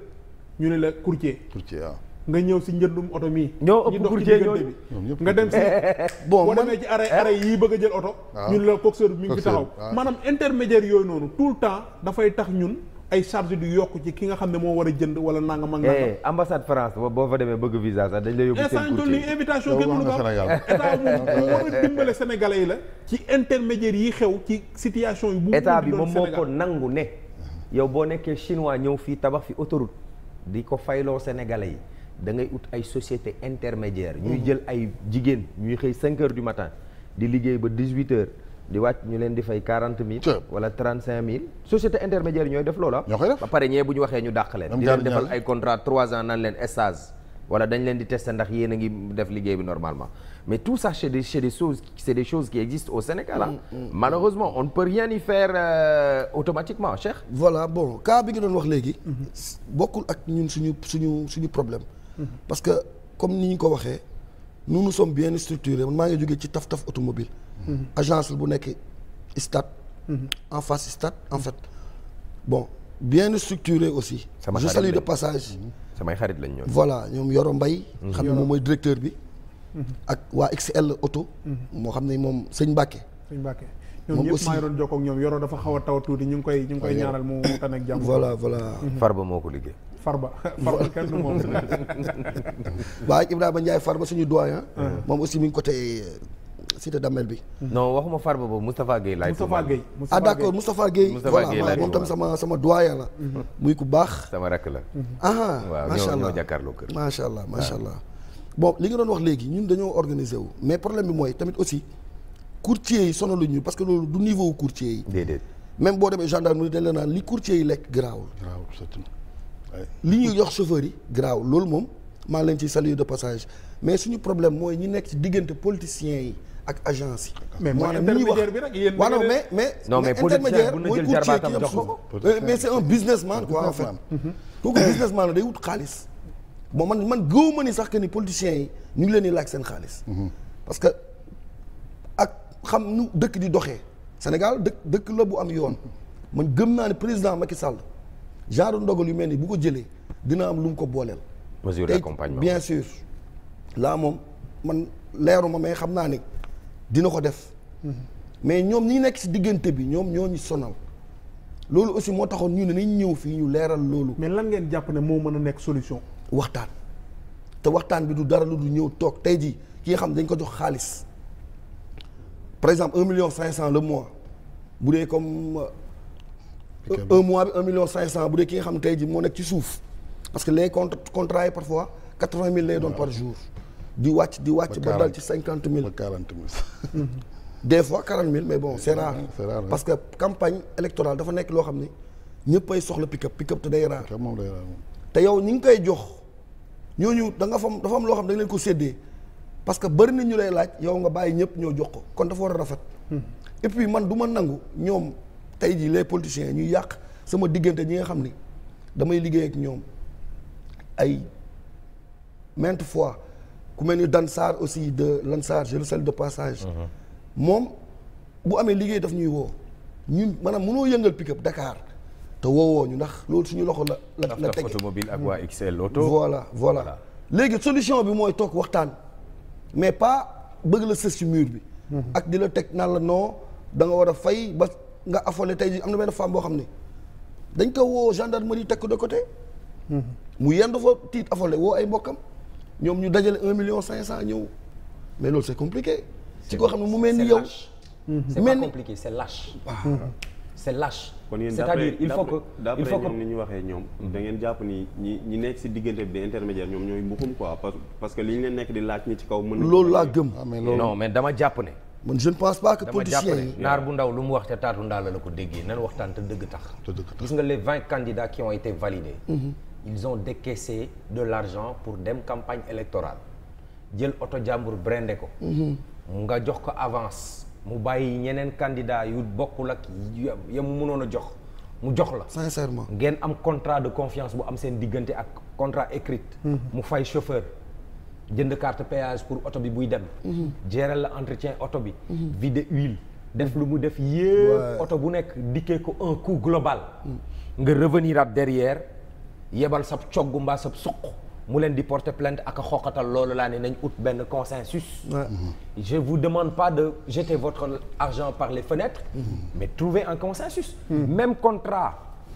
ñu ne la courtier. courtier waaw. nga ñëw si njëndum oto mii. ñoo ëpp courtier ñooñu nga dem si. boo demee ci arrêt arrêt yii bëgg a jël oto. Ah. ñu ne la coxeur mi ngi fi taxaw. Ah. maanaam intermédiaire yooyu noonu tout le temps dafay tax ñun. ay charge du yokk ci ki nga xam ne moo war a jënd wala nangam ak nangam. Eh, ambassade France boo fa demee bëgg visa sax dañ lay yóbbu seen courtier invitation kenn mënu a dimbale sénégalais yi la. ci intermédiaire yi xew ci situation yi. bu état bi moom moo ko nangu ne. yow boo nekkee chinois ñëw fii tabax fi autoroute di ko fayloo sénégalais yi da ut ay société intermédiaire ñuy jël ay jigéen ñuy xëy 5 heures du matin di liggéey ba 18 heures di wàcc ñu leen di fay 40 mille wala 35 mille société intermédiaire ñooy def loola ba pare ñee bu ñu waxee ñu dàq leen di leen defal ay contrat 3 ans nan leen stage wala dañ leen di tester ndax yéen a ngi def liggéey bi normalement mais tout ça c'est des c'est des choses c'est des choses qui existent au Sénégal ah. malheureusement on ne peut rien y faire euh, automatiquement Cheikh. voilà bon cas bi nga doon wax léegi. Mm-hmm. bokkul ak ñun suñu suñu suñu problème. Mm-hmm. parce que comme ni ñu ko waxee. nous nous sommes bien structurés maa ngi jógee ci taf taf automobile mm-hmm. agence bu nekk stat en face stade en fait bon bien structuré aussi. je salue de passage. samay xarit lañu ñëw. voilà ñoom Yoro Mbaye mhm. xam ne moom mooy directeur bi. Mhm. ak waa XL auto mhm. moo xam ne moom sëñ Mbacke. sëñ Mbacke ñoom ñëpp maa ñoom Yoro dafa xaw a taw tuuti ñu ngi koy ñu ngi koy ñaanal mu tane ak jàmm. voilà voilà. Farba moo ko liggéey. Farba Farba kenn du moom. waaye Ibrahima Ndiaye Farba suñu doyen. moom aussi mu ngi côté. cité Damel bi. no waxuma Farba boobu Moustapha Guèye laay. Moustapha Guèye ah moom tam sama sama doyen la. Mhm. muy ku baax. sama rakk la. Mhm. ah macha allah waaw macha allah macha allah bon li nga doon wax léegi ñun dañoo organiser wu mais problème bi mooy tamit aussi courtier yi lu ñu parce que loolu du niveau courtier yi. déedéet même boo demee gendarmerie dañ la naan li courtier yi lekk garaawul. li ñuy jox chauffeur yi garaawul loolu moom maa leen ci saluer de passage mais suñu problème mooy ñu nekk ci diggante politiciens yi ak agence yi. mais mooy intermédiaire bi nag yéen bi waaw mais mais. non mais intermédiaire mooy courtier ki am suuf euh, mais c'est un businessman quoi en fait. kooku businessman la day wut xaalis. bon man man gëw ma ni sax que ni politiciens ñu ngi leen di laaj seen xaalis. Mhm. parce que ak xam nu dëkk di doxee. Sénégal dëkk dëkk la bu am yoon. man gëm naa ne président Macky Sall genre ndogal yu mel ni bu ko jëlee dina am lu mu ko booleel. mesure d'accompagnement bien sûr. laa moom man leeruma mais xam naa ni. dina ko def mais ñoom ñi nekk si diggante bi ñoom ñoo ñu sonal loolu aussi moo taxoon ñu ne nañ ñëw fii ñu leeral loolu mais lan ngeen jàpp ne moo mën a nekk solution waxtaan te waxtaan bi du dara lu du ñëw toog tey jii ki nga xam dañ ko jox xaalis par exemple un million cinq cent le mois bu dee comme un mois bi un million cinq cent bu dee ki nga xam tey ji moo nekk ci suuf parce que les contrats contrats yi parfois quatre vingt mille lay doon par jour di wàcc di wàcc ba dal ci cinquante mille ba quarante mille des fois quarante mille mais bon c'est rare parce que campagne électorale dafa nekk loo xam ne ñëpp ay soxla pick-up pick-up te day rare te yow ñi ngi koy jox ñooñu da nga fa dafa loo xam ne da leen ko séddee parce que bëri na ñu lay laaj yow nga bàyyi ñëpp ñoo jox ko kon dafa war a rafet hmm. et man du ma nangu ñoom tey jii les politiciens ñuy yàq sama diggante ñi nga xam ni damay liggéey ak ñoom ay maintes fois ku mel ni Dansar aussi de Lansar je le salue de passage. Mhm. moom bu amee liggéey daf ñuy woo. ñun maanaam mënoo yëngal pick-up Dakar te woowoo ñu ndax loolu suñu loxo la la la tege automobile ak waa XL auto voilà voilà léegi solution bi mooy toog waxtaan mais pas bëgg la sës ci mur bi. Mhm. ak di la teg naan la noo da nga war a fay ba nga affolé tey jii am na benn femme boo xam ne dañ ko woo gendarmerie teg ko de côté. Mhm. mu yendu fa tiit affolé woo ay mbokkam. ñoom ñu dajale un million cinq cent ñëw mais loolu c'est compliqué. ci koo xam ne mu mel ni yow. Mm-hmm. c'est pas compliqué c'est ah. mm-hmm. c'est à dire il faut que il faut que ñoom ni ñu waxee ñoom. Mm-hmm. da jàpp nii ñi ñi nekk ci diggante bi des intermédiaires ñoom ñooy mbuxum quoi parce que li ñu leen nekk di laaj ñi ci kaw. mën loolu laa gëm. Ah, non mais dama jàpp ne. man je ne pense pas que politiciens yi naar bu ndaw lu mu wax te taatu ndaala la ko déggee nan waxtaan te dëgg tax. te les vingt candidats qui ont été ils ont décaissé de l'argent pour dem campagne électorale jël oto jàmbur brindé ko mhm. nga jox ko avance mu bàyyi ñeneen candidat yu bokkul ak ya mu mënoon a jox mu jox la sincèrement ngeen am contrat de confiance bu am seen diggante ak contrat écrite mhm. mu fay chauffeur jënd carte péage pour oto bi buy dem mhm. géral la entretien oto bi vide huile def lu mu def yëpp oto bu nekk dikkee ko un coût global nga revenir at derrière yebal sab cogg mbaa sab suq mu leen di porter plainte ak a xoqatal loolu laa ne nañ out benn consensus je vous demande pas de jeter votre argent par les fenêtres mm-hmm. mais trouver un consensus mm-hmm. même contrat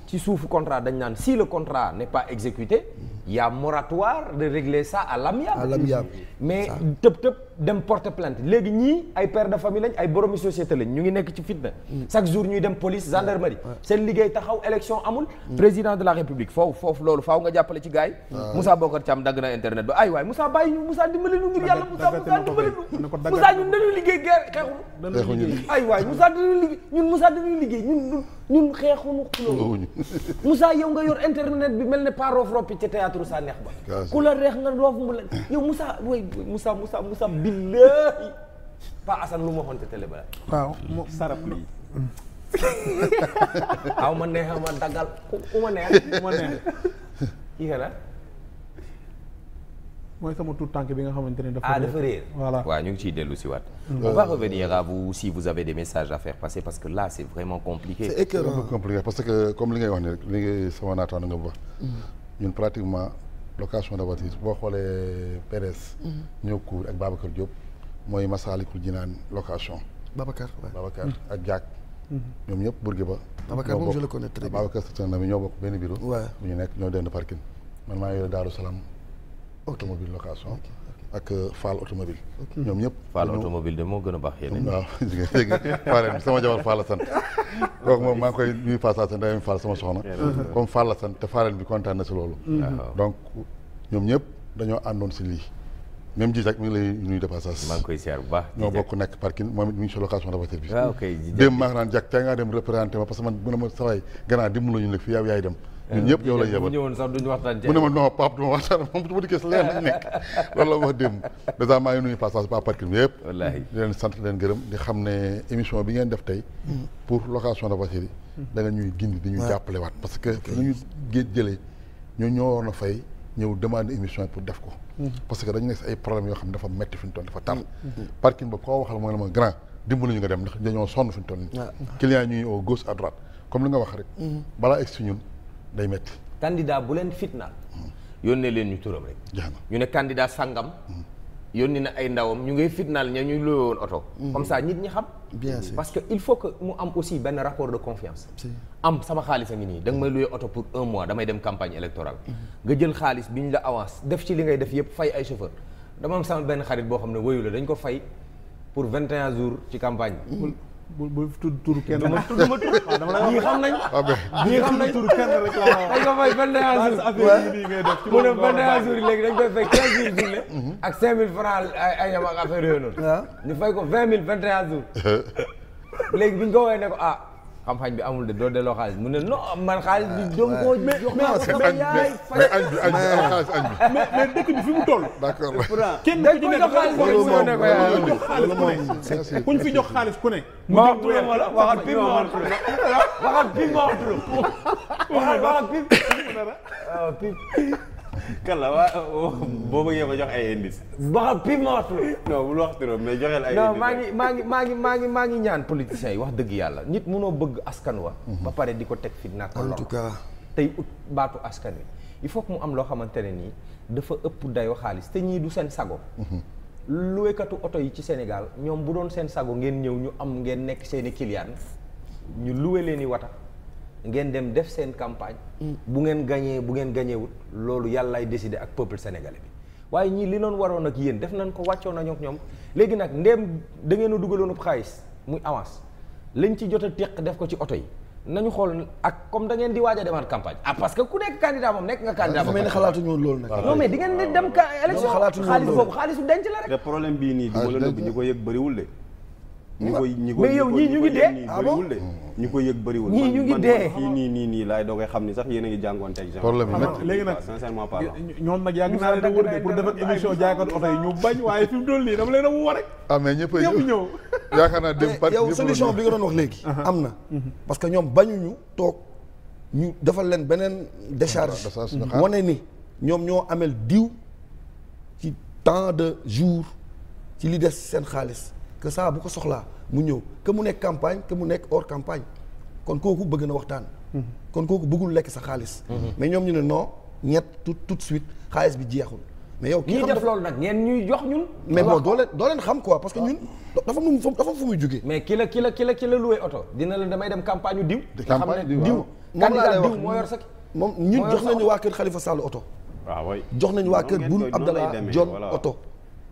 ci suufu contrat dañ naan si le contra n'est pas exécuté y a moratoire de régler ça à l'amiable. mais tëb tëb dem porter plainte léegi ñii ay père de famille lañ ay boromi société lañ ñu ngi nekk ci fitna. Mm. chaque jour ñuy dem police gendarmerie. seen liggéey taxaw élection amul. Mm. président de la république foofu foofu loolu faaw nga jàppale ci gars yi. Moussa Bokar Thiam dagg na internet ba ay waay Moussa bàyyi ñu Moussa dimbali ñu yàlla Moussa dimbali ñu. Moussa ñun dañuy liggéey gerte xeexul. xeexuñu liggéey nga yor internet bi mel ne cadre sa neex ba ku la reex nga roof mu la yow Moussa way Moussa Moussa Moussa billaahi Pa Assane lu ma xonte télé ba waaw sarap lii aw ma neex ma daggal ku mooy sama tout tànk bi nga xamante ne dafa. Ah, réer voilà ñu ngi ciy dellu si waat. Mm. on va revenir à vous si vous avez des messages à faire passer parce que là c'est vraiment compliqué. c'est écœurant compliqué parce que comme li ngay wax ni li ngay sama naataango nga wax. Mm. ñun pratiquement location de voiture boo xoolee PDS. Mm-hmm. ñoo couvrir ak Babacar Diop mooy Massalikul Jinaan location. Babacar waaw Babacar mm-hmm. ak Diak. Mm-hmm. ñoom ñëpp burge ba. Babacar moom je le connais très bien Babacar c'est un ami ñoo bokk benn bureau. waaw bu ñu nekk ñoo dend parking man maa yore Daaru Salaam. automobile location. ak euh, Fall automobile ñoom ñëpp Fall automobile de moo gën a baax yéen waaw Fall sama jabar Fall la sant kooku moom maa sant day soxna comme Fall la sant te Fallen bi kontaan na si loolu donc ñoom ñëpp dañoo àndoon si lii même Jijak mi ngi lay nuyu de maa koy siyaar bu baax. ñoo nekk parking moom it mi ngi si bi. waaw ah, maa ngi naan Jijak tey ngaa dem représenté parce que man bu ne ma saa waay gannaaw dimbaluñu la fii yow yaay dem. ñun ñëpp yow la yebal bu ñëwoon sax duñu ma non du ma waxtaan moom bu ma dikkee si passage Pape Parkin bi yëpp leen sant di leen gërëm di xam ne émission bi ngeen def tey mm. pour location de voiture yi mm. da nga ñuy gindi di jàppale waat parce que lu ñu géej jëlee ñoo ñoo waroon a fay ñëw demande émission pour def ko mm. parce que dañu nekk si ay problèmes yoo xam ne dafa metti fi ñu dafa tar mm-hmm. parking ba koo waxal mooy la ma grand dimbali ñu nga dem ndax dañoo sonn fi ñu toll nii li nga wax rek mm-hmm. si ñun day métti. candidat bu leen fitnaal. Mm-hmm. yónnee leen ñu turam rek. ñu ne candidat sangam. Mm-hmm. yónni na ay ndawam ñu ngay fitnaal ña ñu looy woon oto. Mm-hmm. comme ça nit ñi xam. bien parce que il faut que mu am aussi benn rapport de confiance. am sama xaalis a ngi nii da nga may loué oto pour un mois damay dem campagne électorale. nga jël xaalis bi ñu la avance def ci li ngay def yëpp fay ay chauffeur dama am sama benn xarit boo xam ne woyu la dañ ko fay pour vingt et jours ci campagne bu bu tudd tur kenn ma tudd ma tur ñii xam nañ ñii ah, xam nañ tur kenn rek la dañ ko fay vingt et un jours affaire yi ngay def mu ne vingt et un jours léegi dañ koy fay mhm. ak cinq mille francs ay ñam ak affaire yooyu noonu fay ko vingt mille vingt et un jours ko woowee ko ah campagne bi amul de doo delloo xaalis mu ne non man xaalis bi doon koo mais mais añ bi añ bi mais dëkk bi fi mu toll. d'accord kenn ku ci nekk xaalis ku ñu fi jox xaalis ku ne. waxat bi ma waxat bi ma wax waxat kan la waa oh, boo bëggee ma jox ay indice. ba xam pire ma wax turam. non bul wax turam mais joxeel ay. non maa ngi maa ngi maa ngi maa ngi maa ngi ñaan politiciens yi wax dëgg yàlla nit mënoo bëgg askan wa. Mhm. ba pare di ko teg fi naka lor en tey ut baatu askan wi il faut mu am loo xamante ne nii dafa ëpp dayoo xaalis te ñii du seen sago. Mhm. luweekatu oto yi ci Sénégal ñoom bu doon seen sago ngeen ñëw ñu am ngeen nekk seeni i ñu luwe leen wata. ngeen dem def seen campagne. Mm. bu ngeen gañee bu ngeen gañee loolu yàlla ay décider ak peuple sénégalais bi waaye ñii li noonu waroon ak yéen def nañ ko wàccoon nañoo ak ñoom léegi nag ndéem da ngeen a dugaloon xaalis muy avance lañ ci jot a teq def ko ci oto yi. nañu xool ak comme da ngeen di waaj a demaat campagne ah parce que ku nekk candidat moom nekk nga candidat ah, moom xalaatuñu woon loolu nag ah, non mais di ngeen di dem ah, élection xaalis boobu xaalisu denc la rek problème bii nii di ko la ko yëg bëriwul de ñi ko yow ñii ñu ngi dee ñu ko yëg bëriwul ñii ñu ngi dee kii nii nii nii laay doogay xam ni sax yéen a ngi jàngoon teg problème léegi nag sincèrement parlant ñoom nag yàgg naa leen wër de pour defar émission ñu bañ waaye fi mu doon nii dama leen a woo rek ah mais eh, am na mhm. parce que ñoom bañuñu toog ñu defal leen beneen décharge ah, wane ni ñoom ñoo ameel diw ci temps de jour ci li des seen xaalis que ça bu ko soxlaa mu ñëw que mu nekk campagne que mu nekk or campagne kon kooku bëgg na waxtaan. Mhm. kon kooku bëggul lekk sa xaalis. Mhm. mais ñoom ñu ne noo ñett tout tout de suite xaalis bi jeexul. mais yow kii def loolu nag ngeen ñuy jox ñun. mais bon doo leen doo leen xam quoi parce que ah. ñun fu muy jógee. mais ki la ki la ki oto dina la damay dem campagne yu diw. campagne diw diw. moom laa lay wax moo yor sa moom ñun jox nañu waa kër Khalifa Sall oto. waaw ah, jox nañu waa kër Boun Abdallah Dionne oto.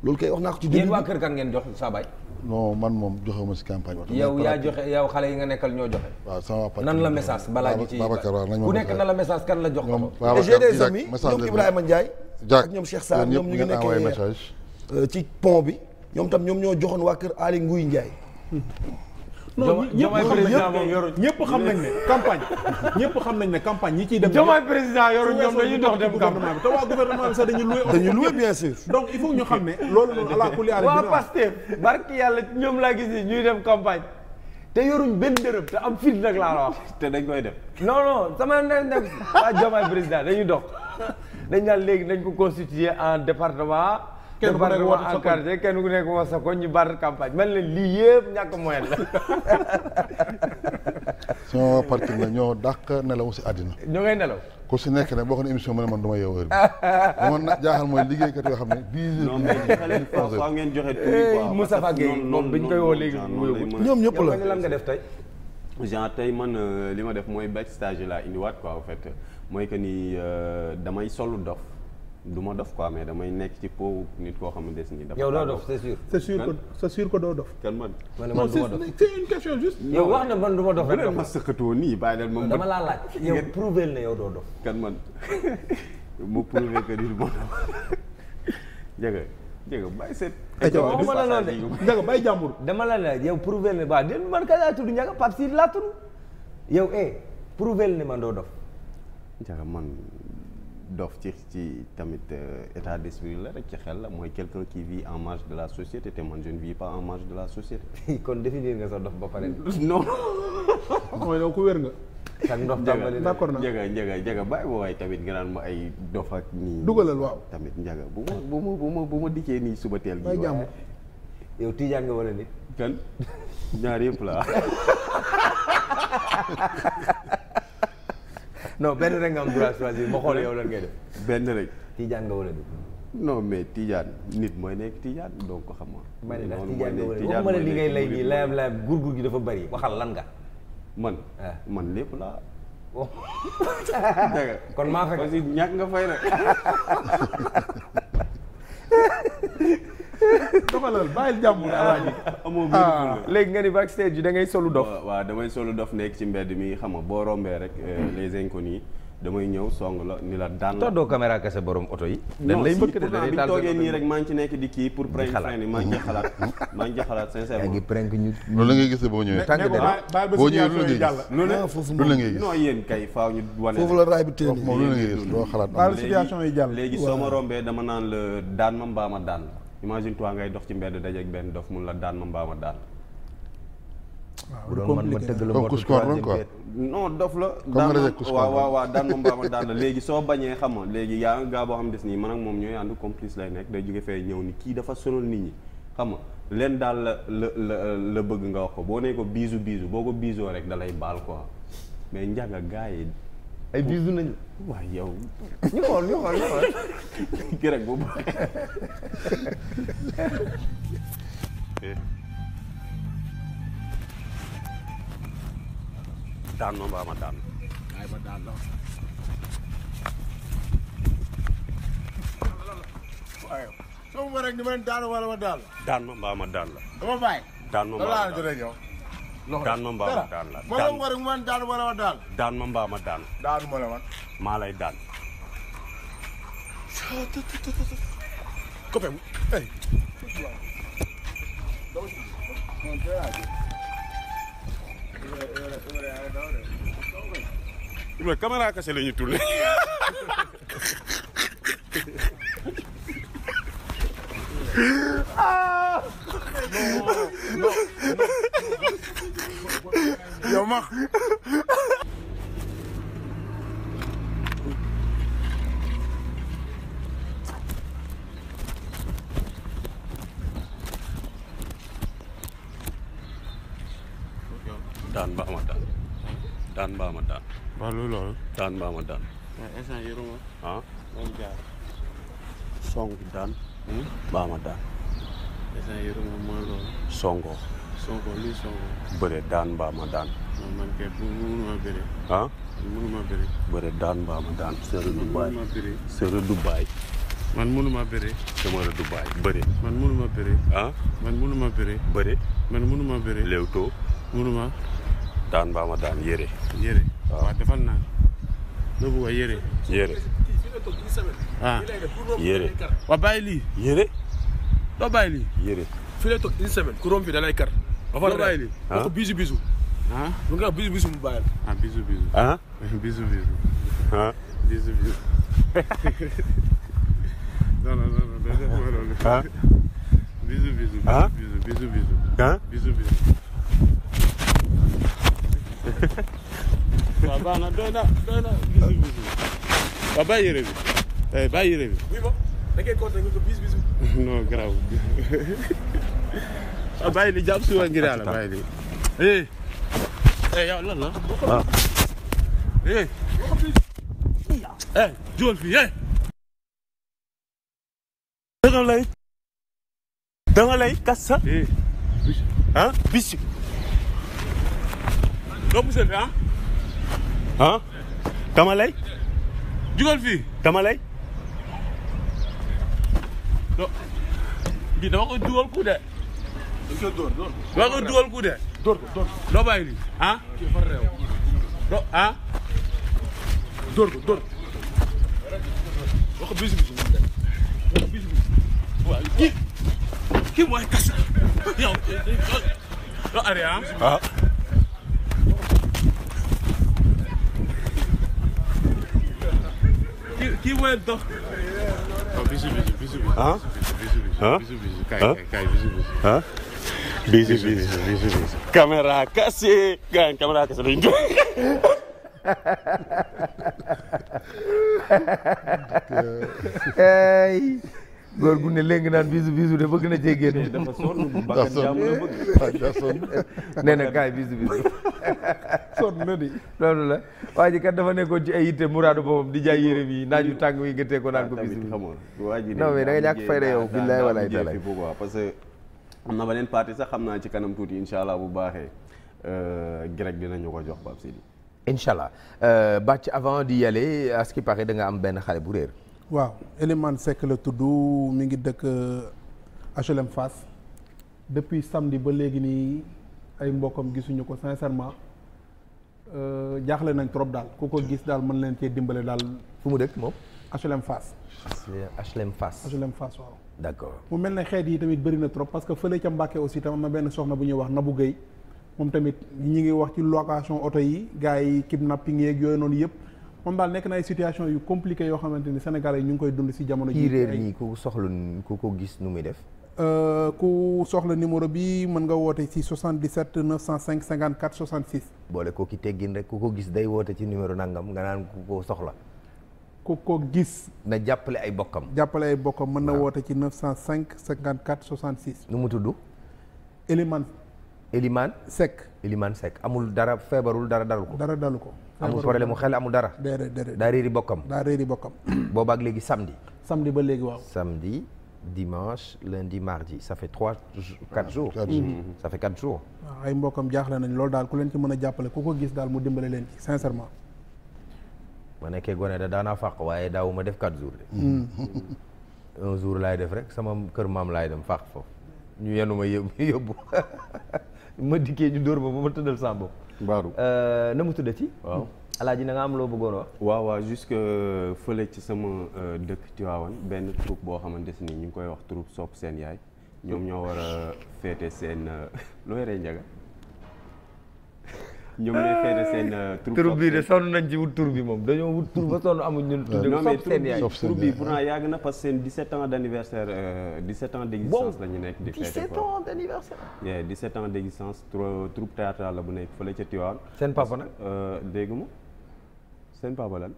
loolu kay wax naa ko ci déglu yéen waa kër kan ngeen jox sa non man moom joxe ma si campagne bi. yow yaa joxe yow xale yi nga nekkal ñoo joxe. waaw sama nan la message balaa ñu ci Babacar waaw nañ nekk na la message kan la jox ko. Babacar j'ai des amis ñoom Ibrahima Ndiaye. ak ñoom Cheikh Sarr ñoom ñu ngi nekkee euh, ci pont bi. ñoom tam ñoom ñoo joxoon waa kër Aly Ngouille Ndiaye. non jomaay président moom yoruñ ñëpp xam nañ ne campagne ñëpp xam nañ ne campagne ñi ciy dem. jomaay président yoruñ ñoom dañuy dox dem campagne te waa ñoom laa gis ni ñuy dem campagne. te yoruñ benn dërëm te am fit nag laa la wax. te dañ koy def. non non sama ne ne waa jomaay président dañuy dox dañ naan léegi dañ ko constituer en département. kenn ku nekk woote sa quartier kenn ku nekk woote sa campagne man la lii yëpp ñàkk moyen la. sama waa parti la ñoo dàq nelaw si àddina. ñoo ngay nelaw. ku si nekk nag boo xam ne émission bi man du ma yeewoo heure bi man jaaxal mooy liggéeykat yoo ngeen joxe tuuti eh, quoi. Moustapha ñu koy woo léegi. ñoom ñëpp la lan nga def tey. genre tey man euh, li ma def mooy backstage laa indiwaat ko en mooy que ni euh, damay solu dof du ma dof ko amee damay nekk ci po nit koo xam ne dafa. yow doo dof c'est sûr. c'est sûr que c'est sûr que doo dof. kan man man du ma dof yow wax na man du ma dof rek. bu ma sëqatoo nii bàyyi leen moom. dama laa laaj yow prouvé na yow doo dof. kan man mu prouvé que ni du ma dof la de la ne yow prouvé na waaw déedéet man ka laa tudd ñaaka Pape Sidi laa tudd yow eh prouvé na man doo dof. jëgë man. dof ci ci tamit euh, état d'esprit la rek ci xel la mooy quelqu'un qui vit en marge de la société te man je ne vis en marge de la société. kon définir nga sa dof ba pare. non. mooy yow ku wér nga. chaque ndox tàmbali la d'accord njaga njaga njaga bàyyi waaye tamit nga naan ma ay dof ak nii. dugalal waaw tamit njaga bu ma bu ma bu ma bu ma dikkee nii suba teel. gi jàmm yow tijaan nga wala ni. kan ñaar yëpp la non benn rek nga am droit choisir ma xool yow lan ngay def. benn rek. Tijaan nga wala du. non mais Tijaan nit mooy nekk Tijaan donc xam nga. ma ne ndax Tijaan nga wala waxuma la li ngay lay nii layam layam gurgur gi dafa bari waxal lan nga. man ah. man lépp laa. Oh. kon maa fekk. parce ñàkk nga fay rek. doxalal bàyyil jàmm alaaji amoo ah, léegi nga ni backstage yi da ngay solu dof waaw damay solu dof nekk ci mbedd mi xam nga boo rombee rek euh, hmm. les inconnus damay ñëw song la ni la daan la toddoo borom oto yi dañ lay mbëkk de dañ lay rek maa ngi ci nekk di kii pour prank friend maa ngi maa ngi xalaat sincèrement yaa ngi prank ñu loolu la ngay gisee boo ñëwee tànk de ñu wane foofu la raay bi téye moom yi jàll léegi soo ma rombee dama naan la daan ma mbaa daan la imagine toi ngay dox ci mbedd dajeeg benn dof mun la daan ma mbaa daal daan. bu doon man ma tëgg la motu quoi non dof la. daan waaw waaw waaw daan ma mbaa ma léegi soo bañee xam nga léegi yaa gaa boo xam des nii man ak moom ñooy ànd complice lay nekk day jóge fee ñëw ni kii dafa sonal nit ñi xam nga leen daal la la la la bëgg nga wax ko boo nee ko biisu biisu boo ko biisoo rek dalay baal quoi mais njaga gaa yi ay bisu nañu. waaw yow. ñu xool ñu xool ñu xool. kii rek boobu. daan na mbaa ma daan. ma daan la. waaye soo ma rek ni ma daan ma daan la. ma daan ma daan daan ma mbaama daan la ma doon war man daan ma la ma daan daan ma mbaama daan daan ma la man maa lay daan copain ay mais caméra kese la ñu tourné ah non non yow ma. daan ba ama daan daan ba ama daan. waaw loolu loolu. daan ba ama daan. Eh, instant yëru ma. ah. moom jaar. song daan. Hmm? ba ama daan. instant yëru ma mooy loolu. songoo. Sonko luy Sonko. bëre daan mbaa daan. man kay mënuma bëre. ah. mënuma bëre. bëre daan man mënuma bëre. sama rëddu baay man mënuma bëre. ah. man mënuma bëre. bëre. man mënuma bëre. Leewtoo. mënuma. daan mbaa ma daan yére. yére ah. waaw defal naa. loolu bu baax lii. yére. doo bàyyi lii. yére. fii lay toog une ku romb fi da kar ba pare bàyyi lii wax ko bisu bisu. ah bu nga wax bisu bisu mu bàyyi la. ah bisu bisu. ah bisu bisu. ah bisu bisu. non non non non def ma loolu. ah bisu bisu. ah bisu bisu. ah bisu bisu. waaw baax na doy na doy na bisu bisu. waaw bàyyi yére bi eh, bàyyi yére bi. oui ma da ngeen compter nga ko bisu bisu. non grave. ah bàyyi li jàpp si woon ngir yàlla bàyyi li. Eh. eh yow lan la. waaw. Ah. eh. eh jóol fii eh. da nga lay. da nga lay kasa. eh bis. ah bis. doo fi ah. ah. bi dama ko dugal ku de. waaw nga dugal ku de. dóor ko dóor ko doo bàyyi lii ah. kii far réew. do ah. dóor ko dóor ko. wax ko bisu bisu moom de. wax ko bisu bisu. waaw kii kii mooy tas yow doo arrêté ah. waaw. kii kii mooy dox. bisu bisu bisu bisu. ah ah bisu bisu kaay kaay bisu bisu. bisu bisu bisu bisu. caméra cassée gars yi caméra cassée duñ jóg. góor gu ne léegi naan bisu bisu de bëgg na cee génn. dafa sonn bakkan jàmm la bëgg. dafa sonn nee na kaay bisu bisu. sonn na di. loolu la waa ji kat dafa yére bi naaju tàng wi gëtee ko naan ko bisu ah, bisu. non mais da nga ñàkk fayda que. am na beneen partie sax xam naa ci kanam tuuti incha allah bu baaxee euh, grec dinañu ko jox Pape Sidi. incha allah euh, bàcc avant di aller à ce qui da nga am benn xale bu réer. waaw Elimane Seck la tudd mi ngi dëkk HLM euh, Fass depuis samedi ba léegi nii ay mbokkam gisuñu ko sincèrement jaaxle nañ trop daal ku ko gis daal mën leen cee dimbale daal. fu mu dëkk moom. HLM Fass. HLM Fass HLM Fass waaw. d'accord mu mel ne xeet yi tamit bëri na trop parce que fële ca Mbàkke aussi tam am na benn soxna bu ñuy wax Nabou Gueye moom tamit ñu ngi wax ci location oto yi gars yi kidnapping yeeg yooyu noonu yëpp moom daal nekk na ay situation yu compliqué yoo xamante ni Sénégal yi ñu ngi koy dund si jamono ji réer ñi ku soxla ku ko gis nu muy def euh, ku soxla numéro bi mën nga woote ci 77 905 54 66 boole ko ki teggin rek ku ko gis day woote ci numéro nangam nga naan ku ko soxla ku ko gis. na jàppale ay bokkam. jàppale ay bokkam mën na woote ci 905 54 66. nu mu tudd. Eliman. Eliman. Seck Eliman sekk amul dara feebarul dara dalu ko. dara dalu ko. amul problème mu xel amul dara. déedéet déedéet daa réeri bokkam. daa réeri bokkam. booba ak léegi samedi. samedi ba léegi waaw. samedi dimanche lundi mardi ça fait trois ah, quatre jours. quatre jours mhm. ça fait quatre jours. ay mbokkam jaaxle nañ loolu daal ku leen ci mën a jàppale ku ko gis daal mu dimbale leen ci sincèrement. ma nekkee gone da daanaa fàq waaye daawu ma def quatre jours de mm. jour laay def rek sama kër maam laay dem fàq foofu ñu yenu ma yóbbu ma dikkee ñu dóor ma ba ma tëddal sa bopp mbaaru euh, na mu tudda ci waaw hmm. alaaji na nga am loo bëggoon wax waaw waaw jusque euh, fële ci sama euh, dëkk Tiwaawan benn troupe boo xamante si nii ñu ngi koy wax troupe sopp seen yaay ñoom ñoo war a féete seen looy rey njaga ñoom ñooy feere seen euh, tur bi de sonn nañ ci wut tur bi moom dañoo wut tur ba sonn amuñ ñun tuddee non mais tur bi pourtant yàgg na parce que seen 17 ans d' anniversaire 17 euh, ans d' existence la ñu nekk di fête 17 ans d' anniversaire yeah 17 ans d' troupe théâtrale la bu nekk fële ca Tivaouane seen papa nag euh, dégguma seen papa lan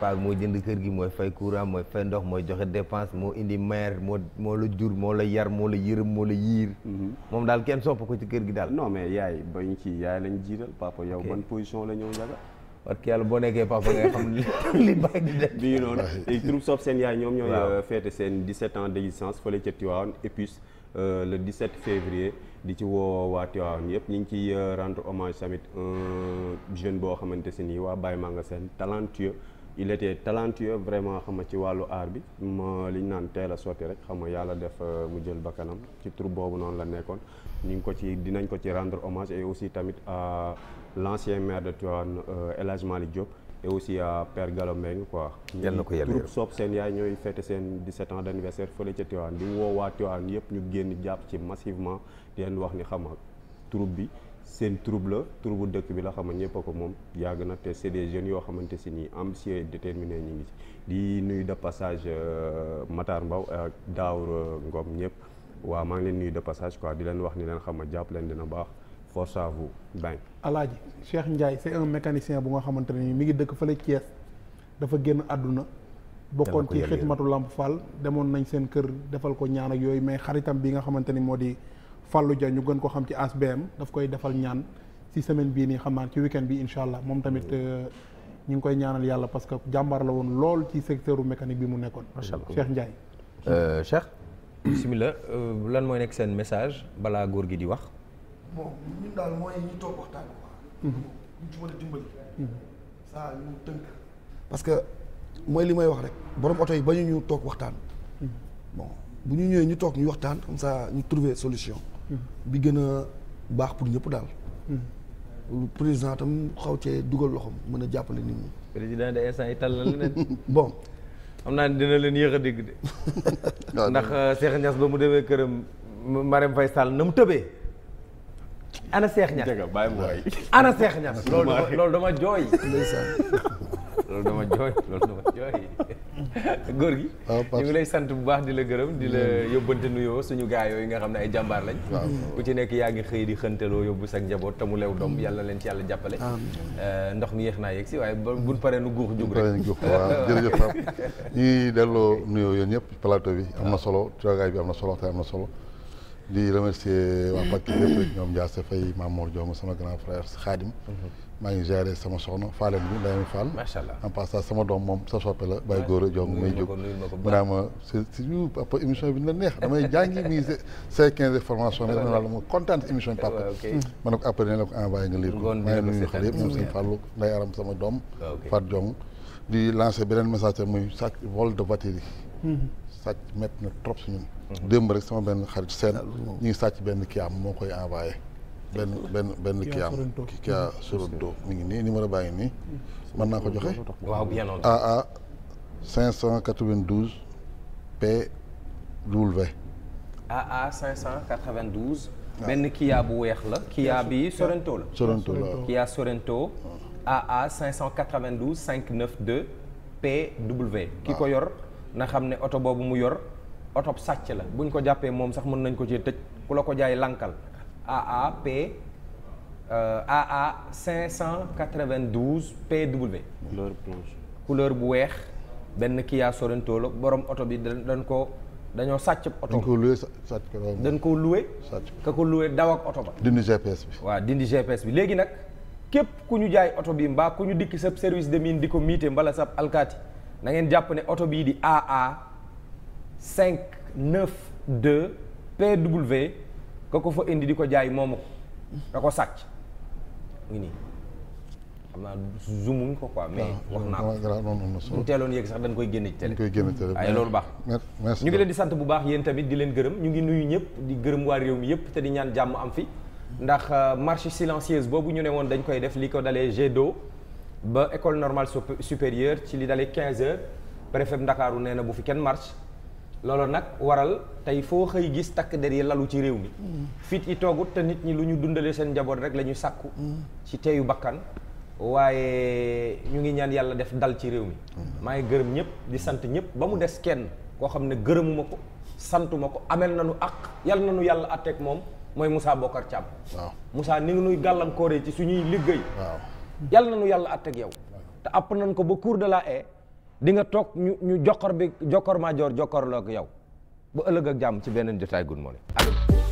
paa moo jënd kër gi mooy fay courant mooy fay ndox mooy joxe dépense moo indi maire moo moo la jur moo la yar moo la yërëm moo la yiir mhm. moom daal kenn sopp ko ci kër gi daal no mais yaay bañ ci yaay lañ jiital papa yow ban position la ñëw njaga parce que yàlla boo nekkee papa ngay xam li bàyyi di def bi noonu troupe Sopp Seen yaay ñoom ñooy euh, feete seen 17 ans d'existence fële ca Tivaouane et puis euh, le 17 février di ci woo waa Tivaouane ñu ngi ciy euh, rendre hommage tamit un jeune boo xamante si nii waa Baye Manga seen talentueux il était talentueux vraiment xam nga ci wàllu aar bi ma li ñu naan teel a sotti rek xam nga yàlla def euh, mu jël bakkanam ci tur boobu noonu la nekkoon ñu ngi ko ci dinañ ko ci rendre hommage et aussi tamit à l'ancien maire de Tivaouane euh, El Hadj Malick Diop et aussi à Père Gallo Mbengue quoi. yal na ko yàlla troupe Sopp seen yaay ñooy fête seen 17 ans d' anniversaire fële ca bi di woowaa Tivaouane yëpp ñu génn jàpp ci massivement di leen wax ni xam nga troupe bi. seen trouble la trouble dëkk bi la xam ne ñëpp ko moom yàgg na te c'est des jeunes yoo xamante si nii am et déterminé ñu ngi si di nuyu de passage euh, Matar Mbaw ak Daawur euh, Ngom ñëpp waa maa ngi leen nuyu de passage quoi di leen wax ni leen xam ne jàpp leen dina baax force à vous bang. Alaaji Cheikh Ndiaye c'est un mécanicien bu nga xamante ne mi ngi dëkk fële Thiès dafa génn àdduna. bokkoon ci matu làmp Fall demoon nañ seen kër defal ko ñaan ak yooyu mais xaritam bi nga xamante ni moo di. Fallou Dia ñu gën ko xam ci ASBM daf koy defal ñaan si semaine bi nii xam naa ci weekend bi incha allah moom tamit mm. euh, ñu ngi koy ñaanal yàlla parce que jàmbaar la woon lool ci secteur mécanique bi mu nekkoon. macha allah Cheikh Ndiaye. Euh, Cheikh. bisimilah euh, lan mooy nekk seen message balaa góor gi di wax. bon ñun daal mm-hmm. mm-hmm. parce que mooy li may wax rek borom oto yi ba ñu toog waxtaan. Mm-hmm. bon bu ñu ñëwee ñu toog ñu waxtaan comme ça ñu trouver solution. bi gën a baax pour ñëpp daal. Hmm. président tam xaw cee dugal loxoom mën a jàppale nit ñi. président de tal la leneen. bon. xam naa ne dina leen yéex a dégg de. Ah, ndax euh, Cheikh Niass ba mu demee këram Marème Faye Sall na mu tëbee. ana Cheikh Niass dëgg la bàyyi ana Cheikh Niass. loolu dama loolu dama jooy. loolu dama jooy loolu dama jooy góor gi. Ah, ñu ngi lay sant bu baax di la gërëm di la mm. yóbbante nuyoo suñu gaay yooyu nga xam ne ay jàmbaar lañ. ku ci nekk yaa ngi xëy di xëntaloo yóbbu sa njaboot te mu lew doom mm. yàlla leen ci yàlla jàppale. Eh, ndox mi yéex naa yegg si waaye buñ mm. paree nu guux jug rek. waaw jërëjëf Pape ñuy delloo nuyoo yéen ñëpp plateau bi am na ah. solo toogaay bi am na solo waxtaan am na solo. di remercier waa Pàcc yëpp rek ñoom Ndiass Faye Mamour Diome sama grand frère Khadim mm-hmm. maa ngi ziare sama soxna Fallène bi Ndeye Fall. macha en passant sama doom moom sa soppe la Baye Gora Diong may jóg mu naa ma si si papa émission bi na neex damay jàngi mi say quinze formation bi kontaan si émission bi papa ma ne ko après ne la ko envoyé nga lire ko maa ngi nuyu xale yëpp moom sëñ Fallou Ndeye Aram sama doom ah, Fat Diong di lancé beneen message muy sàcc vol de voiture yi mhm. sàcc métti na trop si ñun mhm. démb rek sama benn xarit seen ñu ngi sàcc benn kii am moo koy envoyé benn benn benn kii am kii a mi ngi nii numéro baa ngi nii mm. mën naa ko joxe waaw bien noonu AA cinq cent quatre-vingt-douze PW AA cinq cent ah. Kia bu weex la Kia bi Sorento la Sorento la Kia Sorento AA 592 592 PW ki ko ah. yor na xam ne oto boobu mu yor oto sàcc la buñ ko jàppee moom sax mën nañ ko ci tëj ku la ko jaay lànkal AAP AA 592 PW. couleur blanche. couleur bu weex benn Kia Sorento la borom oto bi dañ ko dañoo sàcc oto dañ ko loué sàcc dañ ko loué. ka ko loué daw ak oto ba. dindi GPS bi. waaw dindi GPS bi léegi nag képp ku ñu jaay oto bi mbaa ku ñu dikk sa service de mine di ko miite mbala sa alkaati na ngeen jàpp ne oto bii di AA 592 PW. ka ko fa indi di ko jaay moomu ko da ko sàcc mu ngi nii xam naa zoomuñ ko ko quoi mais ah, wax naa ko bu teeloon yegg sax dañ koy génne ci télé koy génne télé ay loolu baax ñu ngi leen di sant bu baax yéen tamit di leen gërëm ñu ngi nuyu ñëpp di gërëm waa réew mi yëpp te di ñaan jàmm am fi ndax euh, marche silencieuse boobu ñu ne woon dañ koy def li ko dalee jet d'eau ba école normal normale supérieure ci li dale quinze heures préfet Ndakaaru nee na bu fi kenn marche looloo nag waral tey foo xëy gis takk der yi lalu ci réew mi fit yi toogut te nit ñi lu ñu dundalee seen njaboot rek la sàkku ci teyu bakkan waaye ñu ngi ñaan yàlla def dal ci réew mi maa ngi gërëm ñëpp di sant ñëpp ba mu des kenn koo xam ne gërëmuma ko santuma ko na nu ak yal nu yàlla atteeg moom mooy Moussa Bokar Thiam waaw Moussa ni ngi nuy gàllankooree ci suñuy liggéey waaw yal nanu yàlla atteeg yow te àpp nañ ko ba cour de la di nga toog ñu ñu jokkor bi jokkor maa joor jokkorloo ak yow bu ëllëg ak jàmm ci beneen jotaay Good Morning